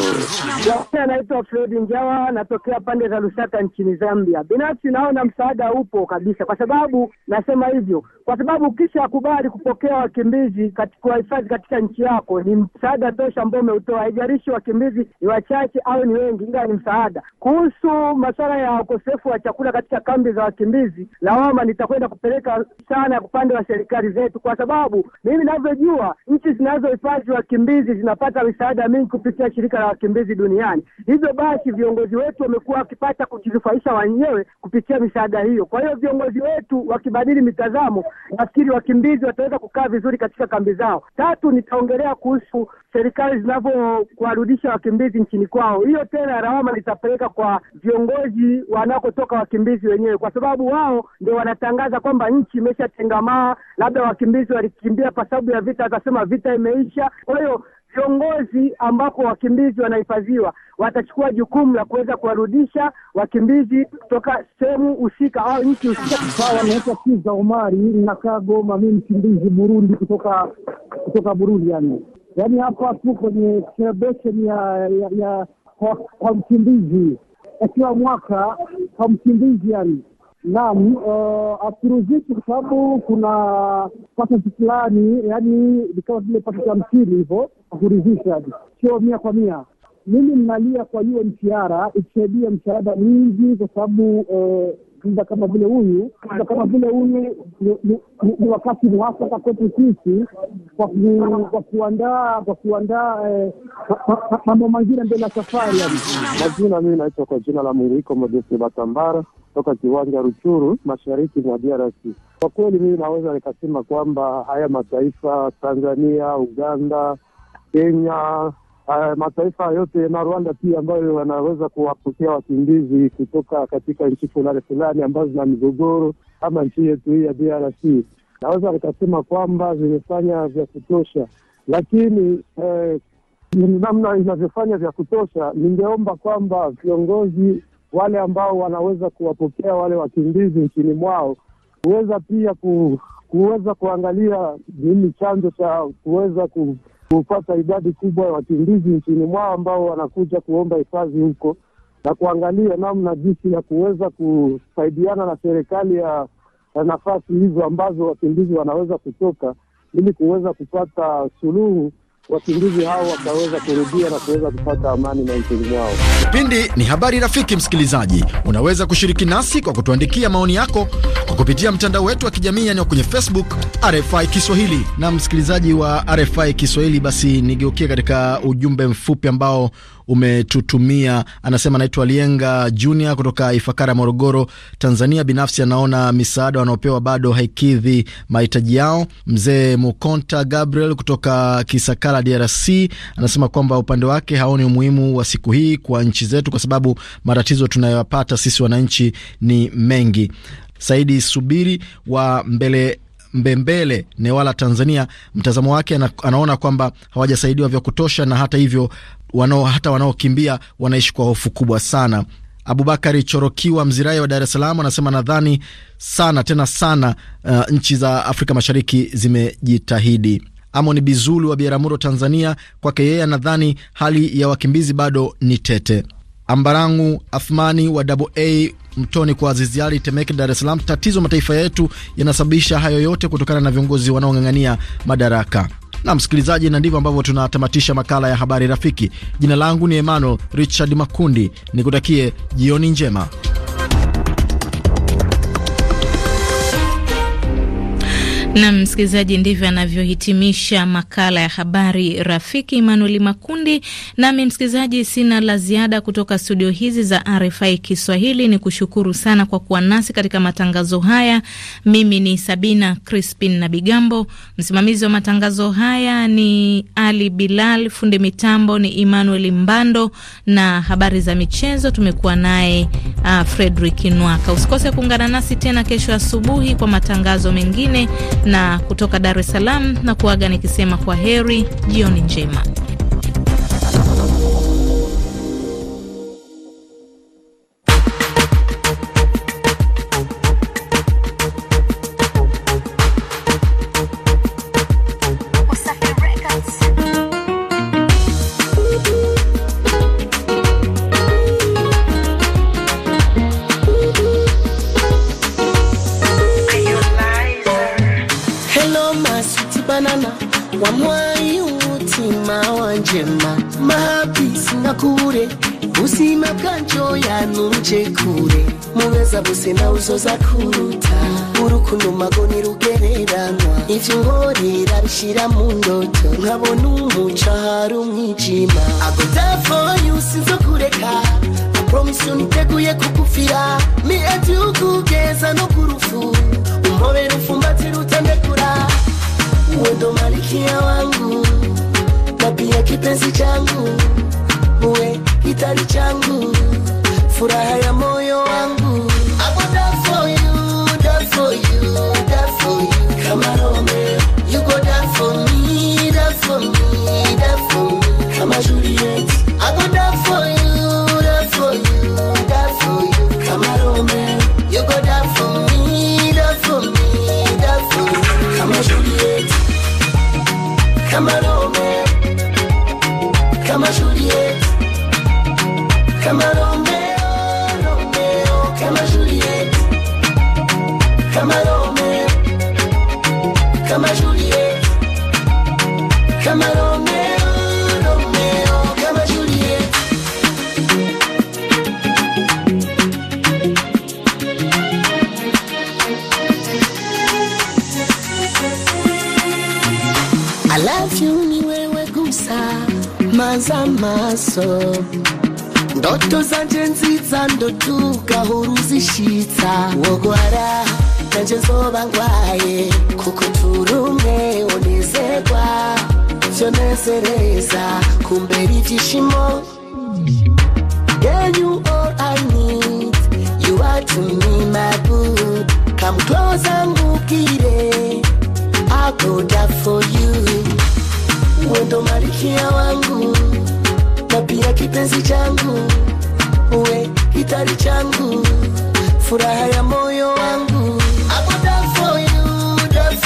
Anaitwa Fred Njawa, natokea pande za Lusaka nchini Zambia. Binafsi naona msaada upo kabisa, kwa sababu nasema hivyo kwa sababu kisha kubali kupokea wakimbizi kuwahifadhi katika nchi yako, ni msaada tosha ambao umeutoa. Haijarishi wakimbizi ni wachache au ni wengi, ila ni msaada. Kuhusu masuala ya ukosefu wa chakula katika kambi za wakimbizi, lawama nitakwenda kupeleka sana upande wa serikali zetu, kwa sababu mimi ninavyojua nchi zinazohifadhi wakimbizi zinapata misaada mingi kupitia shirika la wakimbizi duniani. Hivyo basi viongozi wetu wamekuwa wakipata kujinufaisha wenyewe kupitia misaada hiyo. Kwa hiyo viongozi wetu wakibadili mitazamo, nafikiri wakimbizi wataweza kukaa vizuri katika kambi zao. Tatu, nitaongelea kuhusu serikali zinavyowarudisha wakimbizi nchini kwao. Hiyo tena lawama litapeleka kwa viongozi wanakotoka wakimbizi wenyewe, kwa sababu wao ndio wanatangaza kwamba nchi imeshatengamaa labda wakimbizi walikimbia kwa sababu ya vita, akasema vita imeisha. Kwa hiyo viongozi ambapo wakimbizi wanahifadhiwa watachukua jukumu la kuweza kuwarudisha wakimbizi kutoka sehemu husika au nchi husika. Wanaitwa Kiza Omari, nakaa Goma, mi mkimbizi Burundi, kutoka kutoka Burundi. Yani yani hapa tu kwenye celebration ya ya, ya kwa, kwa mkimbizi akiwa mwaka kwa mkimbizi yani Naam, eh, haturuziki kwa sababu kuna pasasi fulani, yaani ni kama vile pasasi hamsini hivyo, hakuridhisha, sio mia kwa mia. Mimi ninalia kwa hiyo ikisaidia ikisaidie mwingi mingi kwa sababu eh, muda kama vile huyu, muda kama vile huyu ni wakati muafaka kwetu sisi kwa kuandaa kwa kuandaa eh, mambo mengine mbele ya safari. Majina mimi naitwa kwa jina la Mwiriko Modeste Batambara toka kiwanja Ruchuru, mashariki mwa DRC. Kwa kweli mimi naweza nikasema kwamba haya mataifa Tanzania, Uganda, Kenya uh, mataifa yote na Rwanda pia ambayo wanaweza kuwapokea wakimbizi kutoka katika nchi fulani fulani ambazo zina migogoro ama nchi yetu hii ya DRC. Naweza nikasema kwamba zimefanya vya kutosha, lakini eh, namna inavyofanya vya kutosha, ningeomba kwamba viongozi wale ambao wanaweza kuwapokea wale wakimbizi nchini mwao kuweza pia ku, kuweza kuangalia nini chanzo cha kuweza ku kupata idadi kubwa ya wakimbizi nchini mwao ambao wanakuja kuomba hifadhi huko na kuangalia namna jinsi ya kuweza kusaidiana na serikali ya, ya nafasi hizo ambazo wakimbizi wanaweza kutoka ili kuweza kupata suluhu wakimbizi hao wakaweza kurudia na kuweza kupata amani na nchini mwao. Kipindi ni habari rafiki. Msikilizaji, unaweza kushiriki nasi kwa kutuandikia maoni yako kwa kupitia mtandao wetu wa kijamii yani kwenye Facebook RFI Kiswahili. Na msikilizaji wa RFI Kiswahili, basi nigeukie katika ujumbe mfupi ambao umetutumia. Anasema anaitwa Lienga Junior kutoka Ifakara, Morogoro, Tanzania. Binafsi anaona misaada wanaopewa bado haikidhi mahitaji yao. Mzee Mukonta Gabriel kutoka Kisakala, DRC, anasema kwamba upande wake haoni umuhimu wa siku hii kwa nchi zetu, kwa sababu matatizo tunayoyapata sisi wananchi ni mengi. Saidi Subiri wa Mbele Mbembele Newala, Tanzania, mtazamo wake ana, anaona kwamba hawajasaidiwa vya kutosha, na hata hivyo wanao, hata wanaokimbia wanaishi kwa hofu kubwa sana. Abubakari Chorokiwa Mzirai wa Dar es Salaam anasema nadhani sana tena sana, uh, nchi za Afrika Mashariki zimejitahidi. Amoni Bizulu wa Biaramuro, Tanzania, kwake yeye anadhani hali ya wakimbizi bado ni tete. Ambarangu Athmani wa A Mtoni kwa Azizi Ali, Temeke, Dar es Salaam. Tatizo mataifa yetu yanasababisha hayo yote kutokana na viongozi wanaong'ang'ania madaraka. Na msikilizaji, na ndivyo ambavyo tunatamatisha makala ya habari rafiki. Jina langu ni Emmanuel Richard Makundi, nikutakie jioni njema. Na msikilizaji, ndivyo anavyohitimisha makala ya habari rafiki. Emmanuel Makundi nami msikilizaji, sina la ziada kutoka studio hizi za RFI Kiswahili. Ni kushukuru sana kwa kuwa nasi katika matangazo haya. Mimi ni Sabina Crispin na Bigambo, msimamizi wa matangazo haya ni Ali Bilal, fundi mitambo ni Emmanuel Mbando, na habari za michezo tumekuwa naye uh, Fredrick Nwaka. Usikose kuungana nasi tena kesho asubuhi kwa matangazo mengine na kutoka Dar es Salaam na kuaga nikisema kwa heri, jioni njema. kure mubeza buse nawe uzoza kuruta urukundo magoni rugereranwa ivyo nkorera bishira mu ndoto nkabona umuca hari umwijima agodafoyu sinzokureka promise uniteguye kukufira mirati ukugeza no ku rufu umpobera umfumbati rutandekura malikia wangu na pia kipenzi changu uwe kitari changu furaha ya moyo wangu Kama Romeo, Kama Juliet, Kama Romeo. kama Romeo, kama Juliet, kama Romeo, Romeo, kama Juliet. I love you ni wewe gusa maza maso ndoto za jenzi za ndotuka huruzishitsa wogwara ngezoba ndwaye kuko turi umwe unezerwa ibyo nezereza kumbera ibyishimo Girl, you all I need You are to me my boo Come close and it I go down for you Wendo ndo malikia wangu na pia kipenzi changu uwe kitari changu furaha ya moyo wangu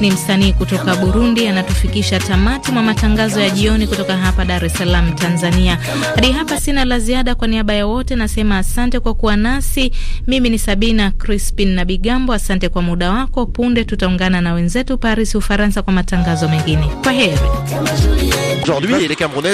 ni msanii kutoka Burundi, anatufikisha tamati mwa matangazo ya jioni kutoka hapa Dar es Salaam, Tanzania. Hadi hapa sina la ziada. Kwa niaba ya wote nasema asante kwa kuwa nasi. Mimi ni Sabina Crispin na Bigambo, asante kwa muda wako. Punde tutaungana na wenzetu Paris, Ufaransa, kwa matangazo mengine. Kwa heri.